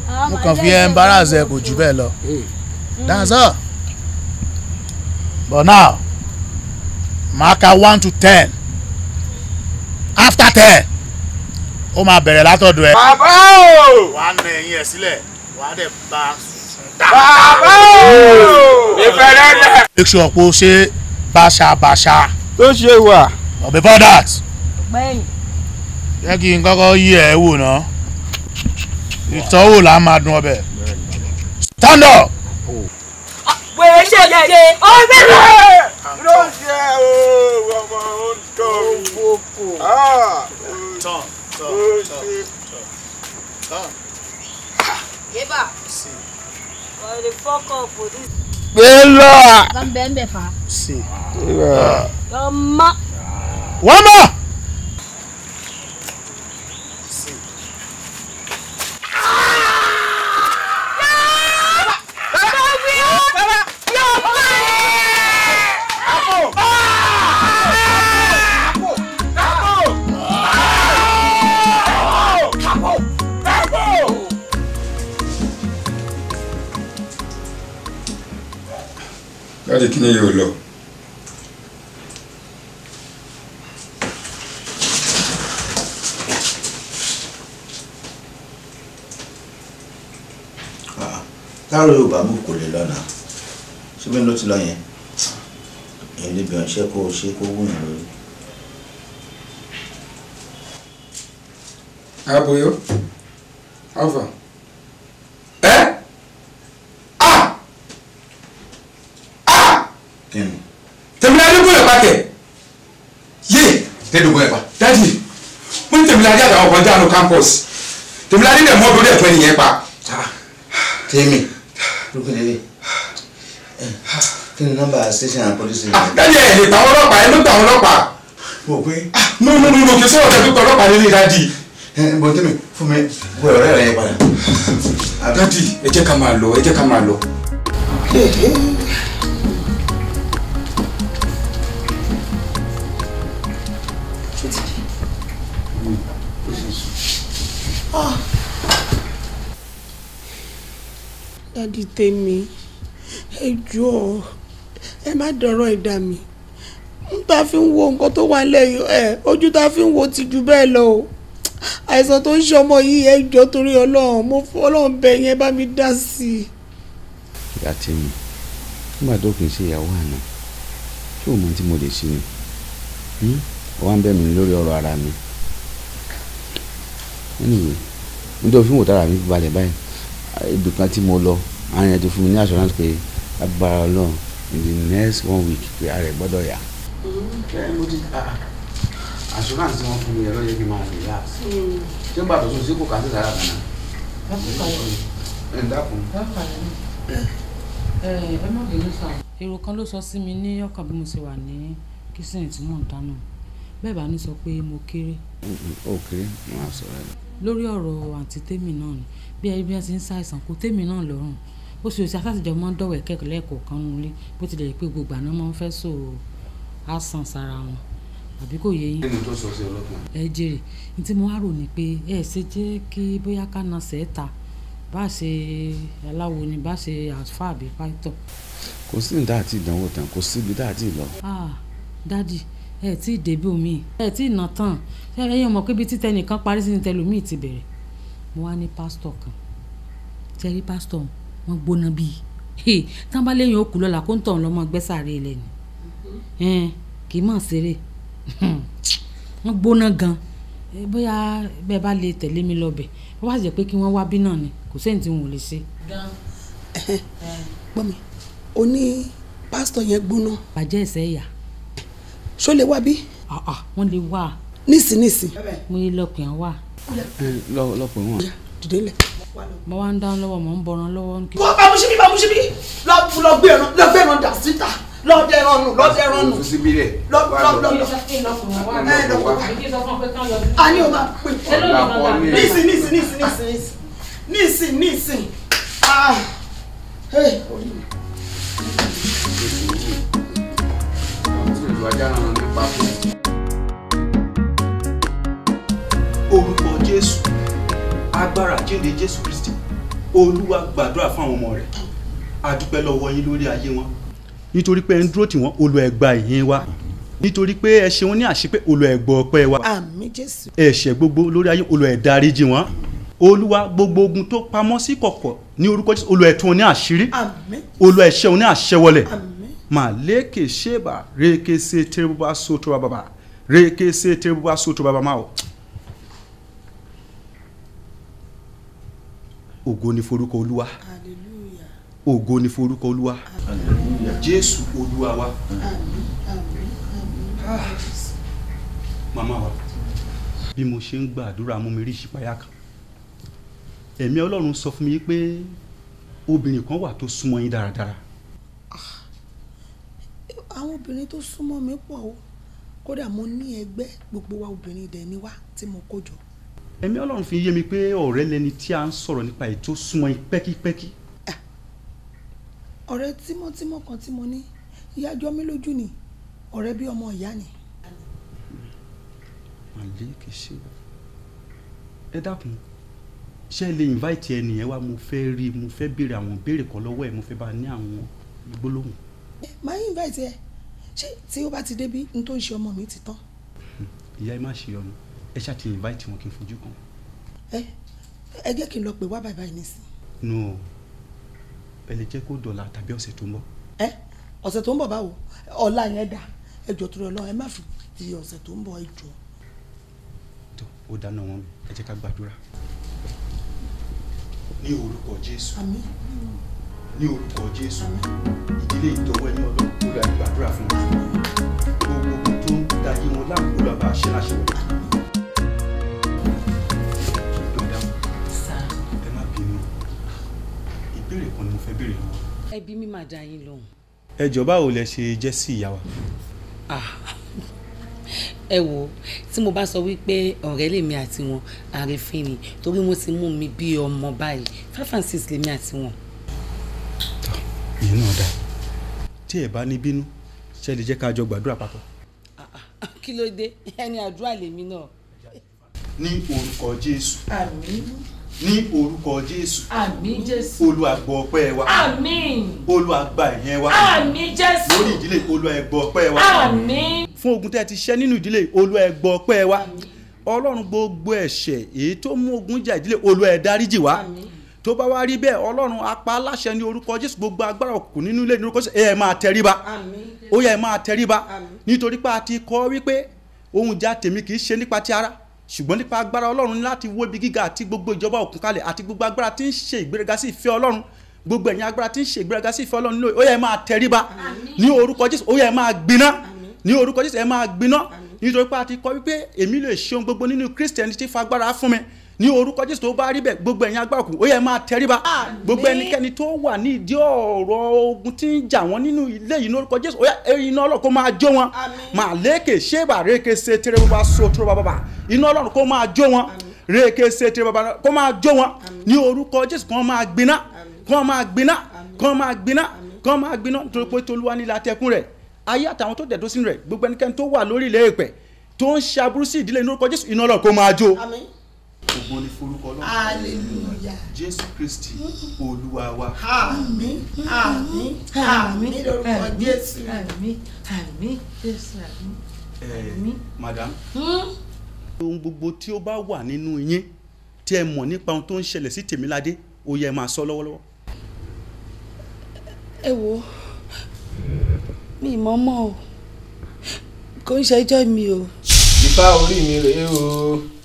[SPEAKER 3] ah, mo kàn fi embarrass ẹ kò jù bẹ́ẹ̀ lọ that's all but now màá ka one to ten after ten ó máa bẹ̀rẹ̀ látọ̀dọ̀ ẹ. bàbá o. wàá nà ẹyin ẹ sílẹ̀ wàá dẹ̀ bá a sùn. bàbá o. ìfẹ́ rẹ̀ make sure pé o ṣe báṣabàṣa. tó ṣe wà. but before that.
[SPEAKER 2] ọ̀gbẹ́ni.
[SPEAKER 3] jẹ́ kí n kọ́kọ́ yí ẹ̀ wò ná ìtọ́wò là á máa dun ọbẹ̀. stand up. wèrè
[SPEAKER 5] ṣe ṣe ọbẹ̀ rẹ̀. ló ń ṣe ọmọ ọ̀dọ́
[SPEAKER 3] mi. tán tán tán tán.
[SPEAKER 2] yébà. wọ́n lè fọ́kọ̀ pò ní
[SPEAKER 3] bela
[SPEAKER 2] gambembe fa si gama
[SPEAKER 3] wama si
[SPEAKER 2] ah
[SPEAKER 1] wọ́n ti kíni yóò lọ.
[SPEAKER 4] káàró ah, yorùbá mú kò lè lọ́nà síbí ló ti lọ yẹn èyí lè bíọ̀ ṣe kó ṣe kó wù yín lórí. aboyo
[SPEAKER 1] alfa. lẹ́dọ̀gbọ́n ẹ̀ bá dájì mo ní tèmílàdé àtàwọn kan jáàánú campus tèmílàdé dẹ̀ mọ́
[SPEAKER 4] lórí ẹ̀tọ́ ẹnìyẹn pa. Ah, tèmi lókèlè eh, kí ni nọ́mbà station and police station. Ah,
[SPEAKER 1] dájì ẹ̀ lè pa àwọn ọlọ́pàá ẹ̀ ló gba àwọn ọlọ́pàá. mo
[SPEAKER 4] pé. Ah, no no no kì í sọ̀rọ̀ tẹ̀ pípa ọlọ́pàá nílé dájì. bọ́n tèmi fún mi wọ ọ̀rẹ́ rẹ̀
[SPEAKER 1] yẹn padà. dájì ẹ jẹ́ ká máa lọ ẹ jẹ́ ká máa lọ.
[SPEAKER 2] Eh, eh. dádì tèmi ẹ jọ̀ọ́ ẹ má dọ̀rọ̀ ìdá mi tá a fi ń wo nǹkan tó wà lẹ́yìn ẹ ojú tá a fi ń wo ti jù bẹ́ẹ̀ lọ o àìsàn tó ń ṣe ọmọ yìí ẹ jọ̀ọ́ torí ọlọ́run mo fọ ọlọ́run bẹ̀ yẹn bá mi dá sí i.
[SPEAKER 4] ìyá tèmi nígbà tó kì í ṣe ìyàwó àná ṣé o mọ tí mo lè ṣe ni ọwọ́ ń bẹ̀ mí lórí ọ̀rọ̀ ara mi. ẹnìyẹn nítorí fún wòtára mi balẹ̀ báyìí ibì kan tí mo lọ àwọn èèyàn ti fún mi ní assurance pé agbára ọlọ́run in the next one week pé ara ẹ̀ gbọ́dọ̀ yà. assurance tí wọ́n fún mi yẹn ló yẹ kí n máa relax ṣé gbà tó sùn sí kò kà sí sàrà kan náà. ẹ dákun.
[SPEAKER 2] ẹ má bínú sàn. èrò kan ló sọ sí mi ní ọkàn bí mo ṣe wà ní kìsìn tí mò ń dáná bẹ́ẹ̀ bá ní sọ pé mo kéré. ó kéré mo á sọ ẹ. lórí ọ̀rọ̀ àǹtí tèmi náà ni bí ẹbí ẹ ti ń ṣàìsàn kò tèmi náà lọ́rùn ó sì òsì asásìjọ máa ń dọ̀wẹ̀ kẹ́kọ̀ọ́ lẹ́ẹ̀kọ̀ọ́ kan nulẹ̀ bó tilẹ̀ pé gbogbo àná máa ń fẹ́ so àsàn sára wọn àbí kò yẹ yín. ẹni tó sọ sí ọlọ́pàá. ẹ jèrè ní tí mo wá rò ní pé ẹ ṣe jẹ́ kí bóyá ká na sẹ́ẹ̀ta bá a ṣe aláwo ni bá a ṣe àfa àbí pátọ̀.
[SPEAKER 4] kò sí ní dáàtì ìdánwò tán kò síbi dáàtì lọ.
[SPEAKER 2] ah dádì ẹ tí ì débi omi ẹ tí ì nà tán ẹ yẹ mọ̀ pé ibi títẹ nìkan parí sí ní tẹlómi ti bẹ̀rẹ̀ mo wá ní pásítọ̀ kan tẹ́rí pásítọ̀ wọn gbóná bíi tán bá léyìn òkú lọ́la kó ń tọ̀ lọ́mọ gbẹ́sàárè ilẹ̀ ni kì í mọ̀ ṣeré wọn gbóná gan bóyá bẹ́ẹ̀ bá lè tẹ̀lé mi lọ bẹ̀ wọ́n wá jẹ́ pé kí wọ́n wá bí náà ni kò sẹ́yìn tí wọn lè ṣe. gbọ́ mi o ní pásítọ̀ yẹn gbóná. bàjẹ́ ẹ̀sẹ̀ ẹ̀yà. ṣó lè wá bí. wọ́n lè wá. nísìnyìsìn. mo yẹ lọ́kùnrin wá lọ pè wọn. dìde lẹ. mo wá ń dáhùn lọ́wọ́ mo ń bọ̀ràn lọ́wọ́. wọ́n bá musu bí bá musu bí lọ gbé ẹran lọ gbé
[SPEAKER 4] ẹran dà síta lọ dẹ ẹran nù lọ dẹ ẹran nù. fisi bi rẹ. lọ lọ lọ lọ.
[SPEAKER 2] ẹ lọ wá. a ní o máa pè. nísìn nísìn nísìn nísìn nísìn nísìn.
[SPEAKER 4] Ìwádìí ah. àwọn nípa fún mi. agbára àjíǹde jésù kristi olúwa gbàdúrà fún àwọn ọmọ rẹ̀ adúpẹ́ lọ́wọ́ yín lórí ayé wọn nítorí pé ẹ ń dúró tì wọ́n olú ẹ gba ìyìn wa nítorí pé ẹ ṣe wọ́n ní àṣepé olú ẹ gbọ́ ọpẹ́ wa
[SPEAKER 2] àmín jésù
[SPEAKER 4] ẹ̀ṣẹ̀ gbogbo lórí ayé olú ẹ dáríjì wọ́n olúwa gbogbo ogun tó pamọ́ sí kọ̀kọ̀ ní orúkọ jésù olú ẹ tú wọn ní àṣírí àmín olú ẹ ṣẹ́ wọn ní àṣẹwọlẹ̀ màlẹ́kẹ̀ ṣẹ́bà rékèsè tẹ́rẹ́bùbá sótó bàbà rékèsè tẹ́rẹ́bùbá sótó bàbà máa ògo ni forúkọ olúwa ògo ni forúkọ olúwa jésù olúwa wa ah. màmá wa bí mo ṣe ń gbàdúrà mú mi rí ìṣípayá kan ẹ̀mí ọlọ́run sọ fún mi pé obìnrin kan wà tó súnmọ́ yín dáradára. Ah.
[SPEAKER 2] àwọn obìnrin tó súnmọ́ mi pọ̀ o kódà mo ní ẹgbẹ́ gbogbo wa obìnrin dẹ̀ ni wá tí mo kó jọ
[SPEAKER 4] ẹ̀mí ọlọ́run fi yé mi pé ọ̀rẹ́ lẹni tí a ń sọ̀rọ̀ nípa ètò súnmọ́ pẹ́kípẹ́kí.
[SPEAKER 2] ọ̀rẹ́ tímọ́tímọ́ kan tí mo ní ìyá jọ lójú ni ọ̀rẹ́ bí ọmọ ìyá ni.
[SPEAKER 4] màlẹ́ kì í ṣe ẹ dákun ṣé ẹ lè invite ẹ nìyẹn wá mo fẹ́ rí i mo fẹ́ béèrè àwọn béèrè kan lọ́wọ́ ẹ mo fẹ́ bá ní àwọn gbólóhùn.
[SPEAKER 2] Eh, màá invite ẹ ṣé tí ó bá ti débi n tó ń ṣe ọmọ mi ti tán.
[SPEAKER 4] ìyá ẹ má ṣe ọmọ ẹ ṣáà ti invite wọn kí n fojú kan.
[SPEAKER 2] ẹ ẹ jẹ́ kí n lọ pè wá bàbá yìí nísìn.
[SPEAKER 4] no ẹ lè jẹ́ kó dọ̀la tàbí ọ̀sẹ̀ tó ń bọ̀.
[SPEAKER 2] ẹ ọ̀sẹ̀ tó ń bọ̀ báwo ọ̀la yẹn dà ẹ jọ torí ọlọ́run ẹ má fi di ọ̀sẹ̀ tó ń bọ̀ ẹ jọ.
[SPEAKER 4] tó o dáná wọn ẹ jẹ́ ká gbàdúrà. ní orúkọ jésù àmín ní orúkọ jésù ìdílé ìtọ́wọ́ ẹni ọlọ́run kúrò àgbàdúrà fún wọn gbogbo tó ń darí wọn láàbùkù lọ́ba àṣẹ láṣẹ wọn. ìbéèrè kan ni mo fẹ́ béèrè lọ́wọ́.
[SPEAKER 2] ẹbí mi máa dá yín lóhùn.
[SPEAKER 4] ẹ jọ báwo lẹ ṣe jẹ́ sí ìyá wa.
[SPEAKER 2] Ah. ẹ wo tí mo bá sọ wípé ọ̀rẹ́ lèmi àti wọn àrífín ni torí wọ́n ti mú mi bí ọmọ báyìí five and six lèmi àti wọn.
[SPEAKER 4] ìyẹn náà dáa tí ẹ bá ní bínú ṣe lè jẹ́ ká jọ gbàdúrà papọ̀.
[SPEAKER 2] Ah, ah, kí ló dé ẹni àdúrà lèmi náà.
[SPEAKER 4] ní orúkọ Jésù. àmín ní orúkọ jésù. àmín jésù. wa. àmín. olúwa wa.
[SPEAKER 2] lórí
[SPEAKER 4] ìdílé olúwa ẹ wa. fún ogun tẹ́ ti ṣẹ́ nínú ìdílé olúwa ẹ wa. ọlọ́run gbogbo ẹ̀ṣẹ̀ èyí tó mú ogun jà ìdílé olúwa wa. tó bá wá rí bẹ́ẹ̀ ọlọ́run apá aláṣẹ ní orúkọ jésù gbogbo agbára òkùnkùn nínú ilé nínú kọ́sẹ̀ ẹ máa tẹríba. ó yẹ ẹ máa tẹríba nítorí pé a ti kọ́ wípé ohun jà tèmi kì í ṣe nípa ti ara ṣùgbọ́n nípa agbára ọlọ́run ní láti wó ibi gíga àti gbogbo ìjọba òkun kalẹ̀ àti gbogbo agbára tí ń ṣe ìgbéraga sí ìfẹ́ ọlọ́run gbogbo ẹ̀yin agbára tí ń ṣe ìgbéraga sí ìfẹ́ ọlọ́run nílò ó yẹ ẹ máa tẹríba ní orúkọ jésù ó yẹ máa gbiná ní orúkọ jésù ẹ máa gbiná nítorí pé a ti kọ wípé èmi lè ṣe gbogbo nínú kristi tí fagbára fún mi ní orúkọ jésù tó bá rí bẹ́ẹ̀ gbogbo ẹ̀yin agbáko ó yẹ máa tẹríba gbogbo ẹnikẹ́ni tó wà ní ìdí ọ̀rọ̀ ogun tí ń jà wọ́n nínú ilé yìí ní orúkọ jésù ó yẹ iná ọlọ́run kó máa jó wọn màá lékè ṣé bàrékè ṣe tẹ́rẹ́ bàbá so tẹ́rẹ́ bàbá iná ọlọ́run kó máa jó wọn reke sete baba kó máa jó wọn ní orúkọ jésù kó máa gbiná kó máa gbiná kó máa gbiná kó máa gbiná nítorí pé tolúwa ní látẹkùn rẹ ayé àtàwọn tó dẹ̀ tó sínú rẹ gbogbo ẹnikẹ́ni tó wà lórí ilé ìpẹ́ tó ń ṣe aburú sí ìdílé ní orúkọ jésù iná ọlọ́run kó máa jó ògo ni forúkọ lọ́wọ́ hallelujah jésù kristi olúwa wa.
[SPEAKER 2] àmín àmín àmín lórúkọ jésù. àmín àmín jésù
[SPEAKER 4] àmín. madam hmm? ohun gbogbo tí ó bá wà nínú yín tí ẹ mọ̀ nípa ohun tó ń ṣẹlẹ̀ sí tèmiládé ó yẹ máa sọ lọ́wọ́lọ́wọ́.
[SPEAKER 2] ẹ wo mi ì mọ́mọ́ o kò ń ṣẹjọ́ mi o.
[SPEAKER 4] ìbá orí mi rèé o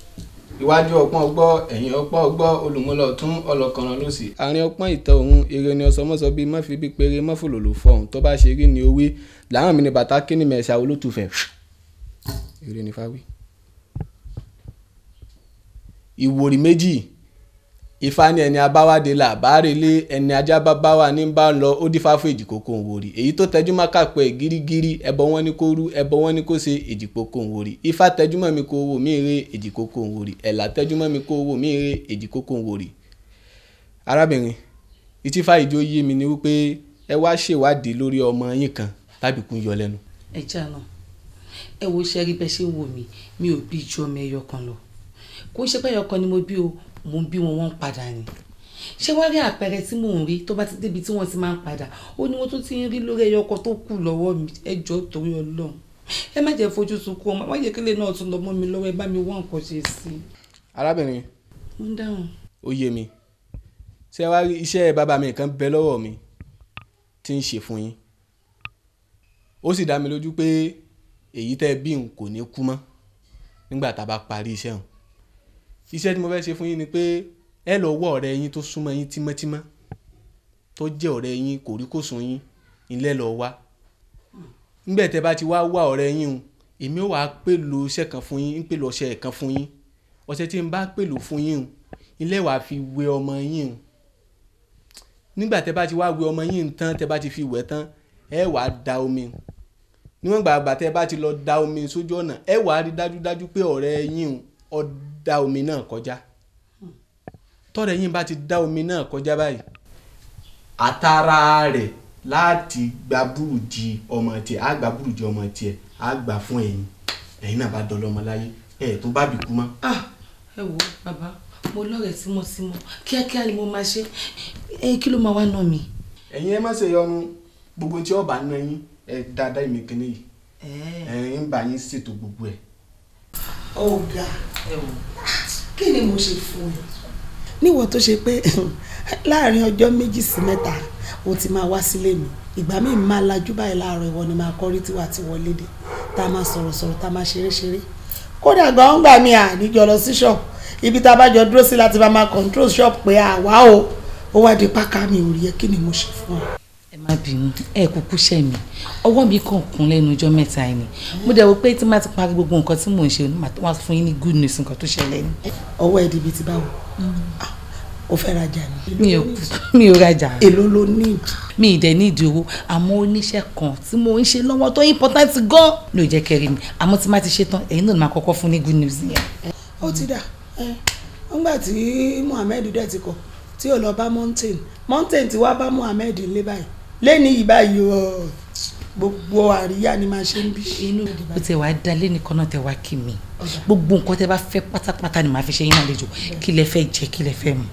[SPEAKER 4] iwájú ọpọ́n ọgbọ́ ẹ̀yìn ọpọ́n ọgbọ́ olùmúlọ tún ọlọ́kànràn ló sì. àárín ọpọ́n ìtẹ́ òun eré ni ọsọmọsọ bíi má fi bí péré má fòlòlò fọhùn tó bá ṣe rí ni owé làwọn mi ni bàtà kíni mẹ́ṣà olótùfẹ́. eré ni fáwí. ìwòrì méjì ifá ní ẹni abáwádé là bárẹ̀lé ẹni ajá bábáwá ní bá ń lọ ó dífá fún èjìkókò òǹwòrì èyí tó tẹjú mọ́ kàpẹ́ gírígírí ẹbọ wọn ni kó rú ẹbọ wọn ni kó ṣe èjìkókò òǹwòrì ifá tẹjú mọ́ mi kó wò mí rè èjìkókò òǹwòrì ẹ̀là tẹjú mọ́ mi kó wò mí rè èjìkókò òǹwòrì. arábìnrin ìtìfá ìjọ yé mi ni wípé ẹ wá ṣèwádìí lórí ọmọ yín kan tábìkún yọ lẹ́nu.
[SPEAKER 2] ẹ jàna ẹ wo ṣẹ́rí ṣe pé ẹyọ ni mo bí o mo bí wọn wọ́n ń padà ni ṣé wá rí àpẹẹrẹ tí mò ń rí tó bá ti débi tí wọ́n ti máa ń padà ó ní wọ́n tún ti ń rí lórí ẹyọ ọkọ tó kù lọ́wọ́ mi ẹjọ́ torí ọlọ́run ẹ má jẹ́ fojú sunkún ọmọ má jẹ́ kílẹ̀ náà tún lọ mọ́ mi lọ́wọ́ ẹ bá mi wá nǹkan ṣe sí i. arábìnrin mo ń dáhùn.
[SPEAKER 4] ó yé mi ṣé wá rí iṣẹ́ bàbá mi kan bẹ lọ́wọ́ mi tí ń ṣe fún yín ó sì dá mi lójú pé èyí tẹ́ bí n kò ní kú mọ́ nígbà tá a bá parí iṣẹ́ hàn iṣẹ́ tí mo fẹ́ ṣe fún yín ni pé ẹ lọ wọ ọ̀rẹ́ yín tó súnmọ́ yín tímọ́tímọ́ tó jẹ́ ọ̀rẹ́ yín kòríkòsùn yín ilẹ̀ lọ wá nígbà tẹ́ bá ti wá wá ọ̀rẹ́ yín o èmi ò wá pè lo iṣẹ́ kan fún yín ń pè lọ ọṣẹ kan fún yín ọṣẹ tí n bá pè lò fún yín o ilẹ̀ wàá fi wẹ ọmọ yín o nígbà tẹ́ bá ti wá wẹ ọmọ yín tán tẹ́ bá ti fi wẹ̀ tán ẹ wàá da omi níwọ̀n gbàgbà tẹ́ bá ti lọ da omi sójú ọ̀nà ẹ wàá rí dájúdájú pé ọ̀rẹ́ yín o ọ̀d dá omi náà kọjá tọ́rẹ̀ yín bá ti dá omi náà kọjá báyìí àtàrà rẹ̀ láti gba búrùjì ọmọ tiẹ̀ á gba búrùjì ọmọ tiẹ̀ á gbà fún ẹ̀yin ẹ̀yin náà bá dọ̀lọ́ ọmọ láyé ẹ̀ tó bá bì kú mọ́.
[SPEAKER 2] Ah, ẹ wo bàbá mo lọ́rẹ̀ẹ́ símọ́símọ́ kíákíá ni mo máa ṣe é kí ló máa wá ná mi.
[SPEAKER 4] ẹ̀yin ẹ má ṣe yọnu gbogbo tí ọba ná yín ẹ dáadáa ìmìkíní yìí ẹ bá yín ṣètò gbogbo ẹ̀
[SPEAKER 2] ọ̀gá oh, kí ni mo ṣe fún ẹ. níwọ̀n tó ṣe pé láàrin ọjọ́ méjì sí mẹ́ta o ti máa wá sílé mi ìgbà míì máa lajú báyìí láàárọ̀ ìwọ ni máa kọrí tiwa ti wọlé dé tá a máa sọ̀rọ̀ sọ̀rọ̀ tá a máa ṣeré ṣeré kódà gan gbà mí à níjọ lọ sí ṣọ́ọ̀bù ibi tá a bá jọ dúró sí láti máa máa control ṣọ́ọ̀bù pé àwa o ó wá di pákà mi ò rí ẹ kí ni mo ṣe fún ọ má bínú ẹ kúkú ṣẹ mi ọwọ́ mi kàn kún lẹ́nu ọjọ́ mẹ́ta yìí ni mo dẹ̀ wò pé tí má ti parí gbogbo nǹkan tí mò ń ṣe onímọ̀ tó fún yín ní good news nǹkan tó ṣẹlẹ̀ ni. ọwọ́ ẹ̀ dìbì ti báwo o fẹ́ rajà ni. mi ò mi ò rajà. èló ló ní ìdí. mi ì dẹ̀ ní ìdí owó àmọ́ oníṣẹ́ kan tí mo ń ṣe lọ́wọ́ tó important gan ni ò jẹ́ kẹrin mi àmọ́ tí má ti ṣe tán ẹ̀yin náà máa kọ́kọ́ fún ní good news yẹn. ó ti dà nígbà tí Muhammed dẹ̀ ti kọ̀ tí ò lọ bá mountain mountain ti wá bá Muhammed nílé báyìí lẹ́ni ìbáyìí o gbogbo àríyá ni màá ṣe ń bí. ó tẹ wá dá lẹ́ni kan tẹ wá kí mi gbogbo nǹkan tẹ bá fẹ́ pátápátá ni màá fi ṣe yín àlejò kí lẹ fẹ́ jẹ kí lẹ fẹ́ mu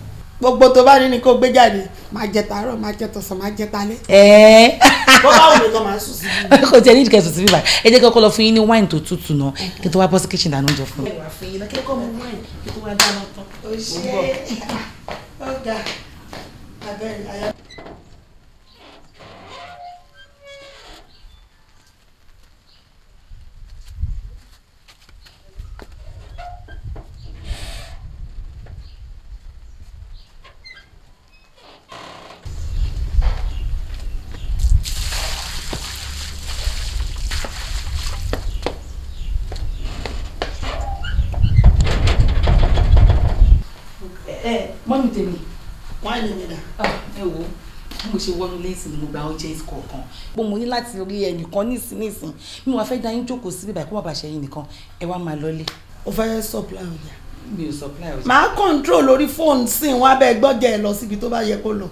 [SPEAKER 2] gbogbo tó bá ní ni kó gbé jáde máa jẹ tàárọ̀ máa jẹ tọ̀sán máa jẹ talẹ́. ẹẹ bó bá wù mí kan máa sùn sí i. kò tí ẹ ní ìdíkẹ́ sùn sí bíbá ẹ jẹ́ kí ọkọ lọ fún yín ní wáìnì tó tútù náà kí n tó wá bọ́ toilet ni mo gba oúnjẹ kọ̀ọ̀kan pé mo ní láti rí ẹnìkan nísìn nísìn mi wàá fẹ́ da yín jókòó síbi báyìí kó má bàa ṣe yín nìkan ẹ wá máa lọlé. ó fẹ́ supply ọjà. mi ò supply ọjà. màá control lórí fóònù sí wọn abẹ́ gbọ́jà ẹ̀ lọ síbi tó bá yẹ kó lọ.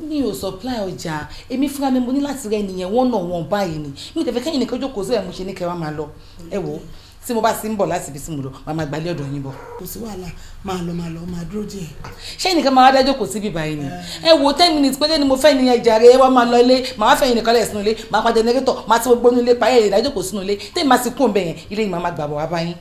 [SPEAKER 2] mi ò supply ọjà èmi fúnra mi mo ní láti rẹ nìyẹn wọ́n náà wọ́n báyìí ni mi ò tẹ̀fẹ́ kẹ́yìn nìkan jókòó síbẹ̀ mo ṣe ní kẹ́ wá máa lọ ẹ wò ó tí mo bá sì ń bọ̀ láti ibi tí mo lọ màá máa gbalẹ̀ ọ̀dọ̀ yín bọ̀. kò sí wàhálà máa lọ máa lọ máa dúró díẹ̀. ṣé ẹnìkan máa dájọ́ kò síbi báyìí ni eh. ẹ wo ten minutes péré ni mo fẹ́ nìyẹn jàre ẹ máa lọ ilé màá fẹ́ nìkan lẹ̀ sínú ilé màá pa jẹnẹrétọ̀ màá ti gbogbo inú ilé pa ẹ̀ ìdájọ́ kò sínú ilé tẹ́ màá sì kún bẹ̀yẹn ilé yìí màá máa gbàbọ̀ wá báyìí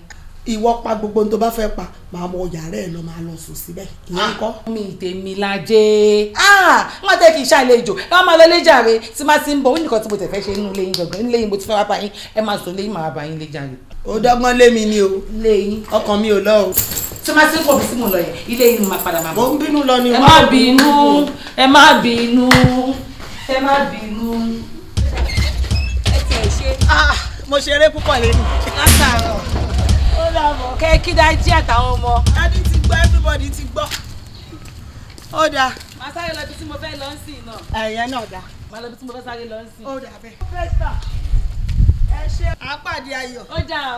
[SPEAKER 2] ìwọ pa gbogbo ohun tó bá fẹ́ pa màá mọ yàrá ẹ̀ lọ máa lọ sùn síbẹ̀ ìyẹn ah. mi tèmi lajẹ ah! wọn tẹ kí n ṣàlejò ẹ wọn máa lọ lé jàre tí máa ti ń bọ̀ ó nìkan tí mo tẹ fẹ́ ṣe nínú ilé yín gangan nínú ilé yín mo ti fẹ́ wá bá ẹ máa sọ lé yín màá bá yín lé jàre ó dọ́gbọ́n lé mi ni o ọkàn mi ò lọ o. tí wọ́n ti ń kọ̀ọ̀bí sí mo lọ yẹn ilé yìí ni màá padà máa bọ̀. mo ń bínú lọ ni. ẹ má bínú ẹ má bínú ẹ má bínú. Ah, mo ṣeré púpọ̀ lẹ́nu. látàárọ̀ ó dàbọ̀. kẹ́ kí dájí àtàwọn ọmọ. dádì ti gbọ́ everybody ti gbọ́. ó dáa. màá sáré lọ bí tí mo fẹ́ lọ sí náà. ẹ̀yẹ náà dáa. màá lọ bí tí mo fẹ́ sáré lọ sí. ó dáa bẹ́ẹ̀ ẹ ṣe àpàdé ayọ̀. ó dáa.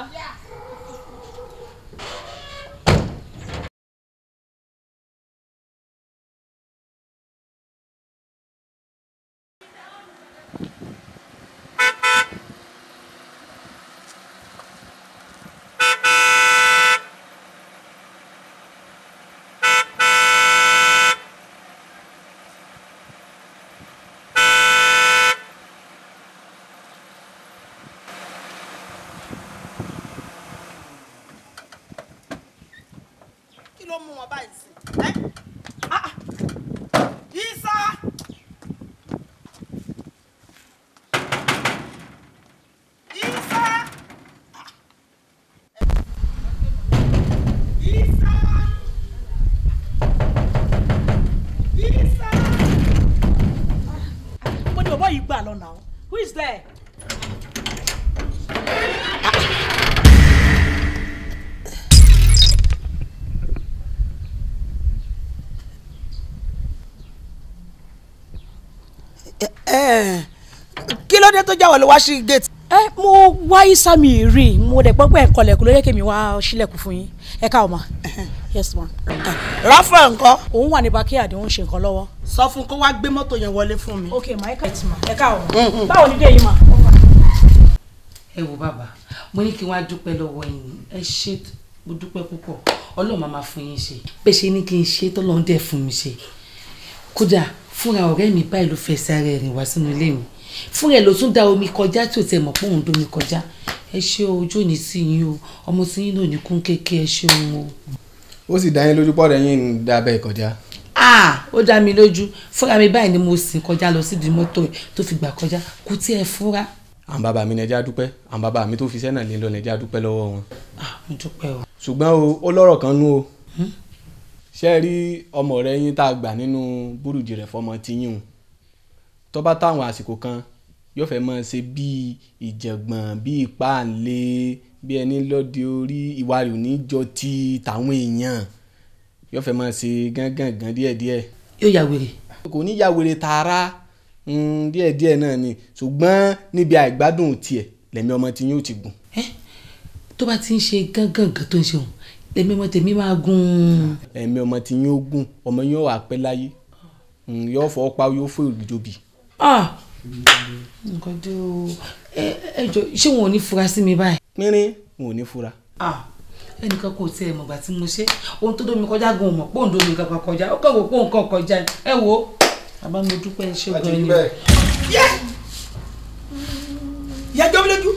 [SPEAKER 2] wá sí gate. ẹ mo wá isami rí mo dẹ̀ gbọ́ pé ẹ̀kọ́lẹ̀kùn ló yẹ kí mi wá sílẹ̀kùn fún yín ẹ ká ọmọ yes ma. Rafael ńkọ́. òun wà ní backyard òun ṣe nǹkan lọ́wọ́. sọ fún kó wá gbé mọ́tò yẹn wọlé fún mi. ok ma ẹ ká ẹ ti ma ẹ ká ọmọ báwo ni dé yìí ma. ẹ wo bàbá mo ní kí wọn á dúpẹ́ lọ́wọ́ yín ẹ ṣe mo dúpẹ́ púpọ̀ ọlọ́run máa ma fún yín ṣe bẹ́ẹ̀ ṣe ní kí n ṣe tọ́lọ́run fún mi ṣe kódà fúnra ọ̀rẹ́ mi báyìí ló fẹ́ sáré rìn wá sínú ilé mi fún ẹ ló tún da omi kọjá tí ò tẹ mọ̀ pé òun domi kọjá ẹ ṣe ojú òní sí yín o ọmọ sí yín náà kún kéèké ẹ ṣeun o.
[SPEAKER 4] ó sì dá yín lójú pọ́ọ̀rọ̀ yín ń da abẹ́ kọjá.
[SPEAKER 2] a ó dá mi lójú fúnra mi báyìí ni mo sì kọjá lọ sídìí mọ́tò ẹ̀ tó fi gbà kọjá kú tí ẹ fúnra
[SPEAKER 4] àwọn bàbá mi nẹja dúpẹ́ àwọn bàbá mi tó fi sẹ́nà lé lọ nẹja dúpẹ́ lọ́wọ́ wọn. mo dúpẹ́ o. ṣùgbọ́n o ó lọ́rọ̀ kan nú o hmm? ṣé ẹ rí ọmọ rẹ yín tá a gbà nínú búrùjì rẹ̀ fọmọ tiyín o tó bá táwọn àsìkò kan yóò fẹ́ máa ṣe bíi ìjẹ̀gbọ̀n bíi páàlẹ́ bí ẹni lọ́dẹ orí ìwà rẹ̀ ò ní jọ ti tàwọn èèyàn yóò fẹ́ máa ṣe gángangan díẹ̀díẹ̀. yóò ya wèrè. kò ní ya wèrè tààrà mm, díẹ̀díẹ̀ náà ni ṣùgbọ́n níbi àìgbádùn tiẹ̀ lẹ́mí ọmọ tí yóò ti gùn. ẹ tó bá ti ń ṣe gángangan
[SPEAKER 2] tó ń ṣe òun lẹ́mí ọmọ tèmi máa gùn.
[SPEAKER 4] ẹ̀mí ọmọ tí yóò gùn ọmọ yóò wà pẹ́ láyé mm, yóò fọ́ pa yóò fò ìrìjòbì.
[SPEAKER 2] Ah, nǹkan tó ẹ jọ ṣé wọn ò ní fura sí mi báyìí. pínrín wọn ò ní fura. Ah. ẹnìkan kò tiẹ̀ mọ̀gbà tí mo ṣe ohun tó domi kọjá gan mọ̀ pọ́ùn domi kankan kọjá ó kàn wò pọ́ùn kan kọjá ẹ wo bàbá mi dúpẹ́ ṣé gan ni. ìyá jọ́ mi lójú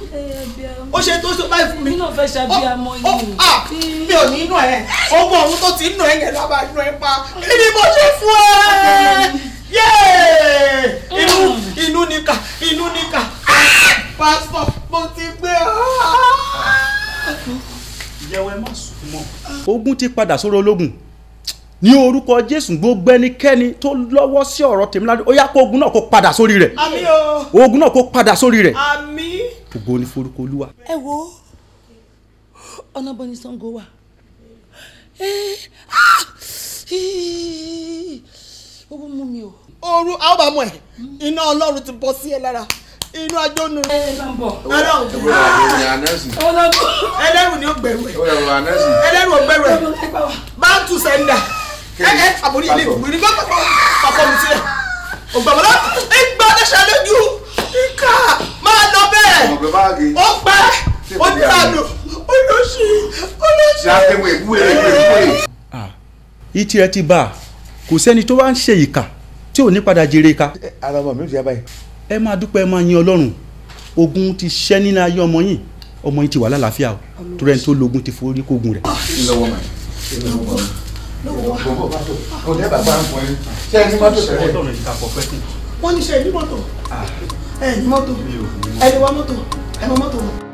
[SPEAKER 2] ó ṣe tó so báyìí fún mi. mi náà fẹ́ ṣàbíamọ yìí. mi ò ní inú ẹ ọmọ òun tó ti ń nù ẹ yẹn lábàá inú ẹ pa kí ni mo ṣe fún ẹ yéé inú mm. inú níkà inú níkà pásítọ̀ mo ti gbé
[SPEAKER 4] ogun ti padà sórí ológun ní orúkọ jésù gbogbo ẹnikẹ́ni tó lọ́wọ́ sí ọ̀rọ̀ tèmíládé ó yá kó ogun náà kó padà sórí rẹ̀ ogun náà kó padà sórí rẹ̀
[SPEAKER 2] àmín
[SPEAKER 4] ògo ni forúkọ olúwa.
[SPEAKER 2] ẹ wo ọ̀nà bọ́ ni Ṣàngó wà eh, ah, ó bó mú mi o ooru a ó bá mọ̀ ẹ̀ iná ọlọ́run ti bọ́ sí ẹ lára inú ajó nu. ẹlẹ́rù ni ó gbẹ̀rù ẹ̀
[SPEAKER 4] ẹlẹ́rù ó gbẹ̀rù ẹ̀
[SPEAKER 2] máa tù sẹ́ńdà ẹ̀ ẹ̀ àbórí ilé ìgbìmọ̀ ní bá pàpọ̀ mi sílẹ̀ ògbàmọ́lá ìgbà ọ̀dẹ́sẹ̀ lójú ìka
[SPEAKER 4] máa lọ bẹ́ẹ̀ ó pẹ́ ó ní àlò olóṣì olóṣì. ìtì ẹ ti bá kò sẹ́ni tó wá ń ṣe ìkà tí ò ní padà jèrè ka. ara ọmọ mi ò ti yá báyìí. ẹ máa dúpẹ́ ẹ máa yin ọlọ́run ogun ti ṣẹ́ nínú ayé ọmọ yìí ọmọ yìí ti wà lálàáfíà o torí ẹni tó lógun ti forí kógun rẹ̀. lọ́wọ́ mà
[SPEAKER 2] wọ́n ní ṣe ẹni mọ́tò ah. ẹni mọ́tò ẹni wá mọ́tò ẹni mọ́tò.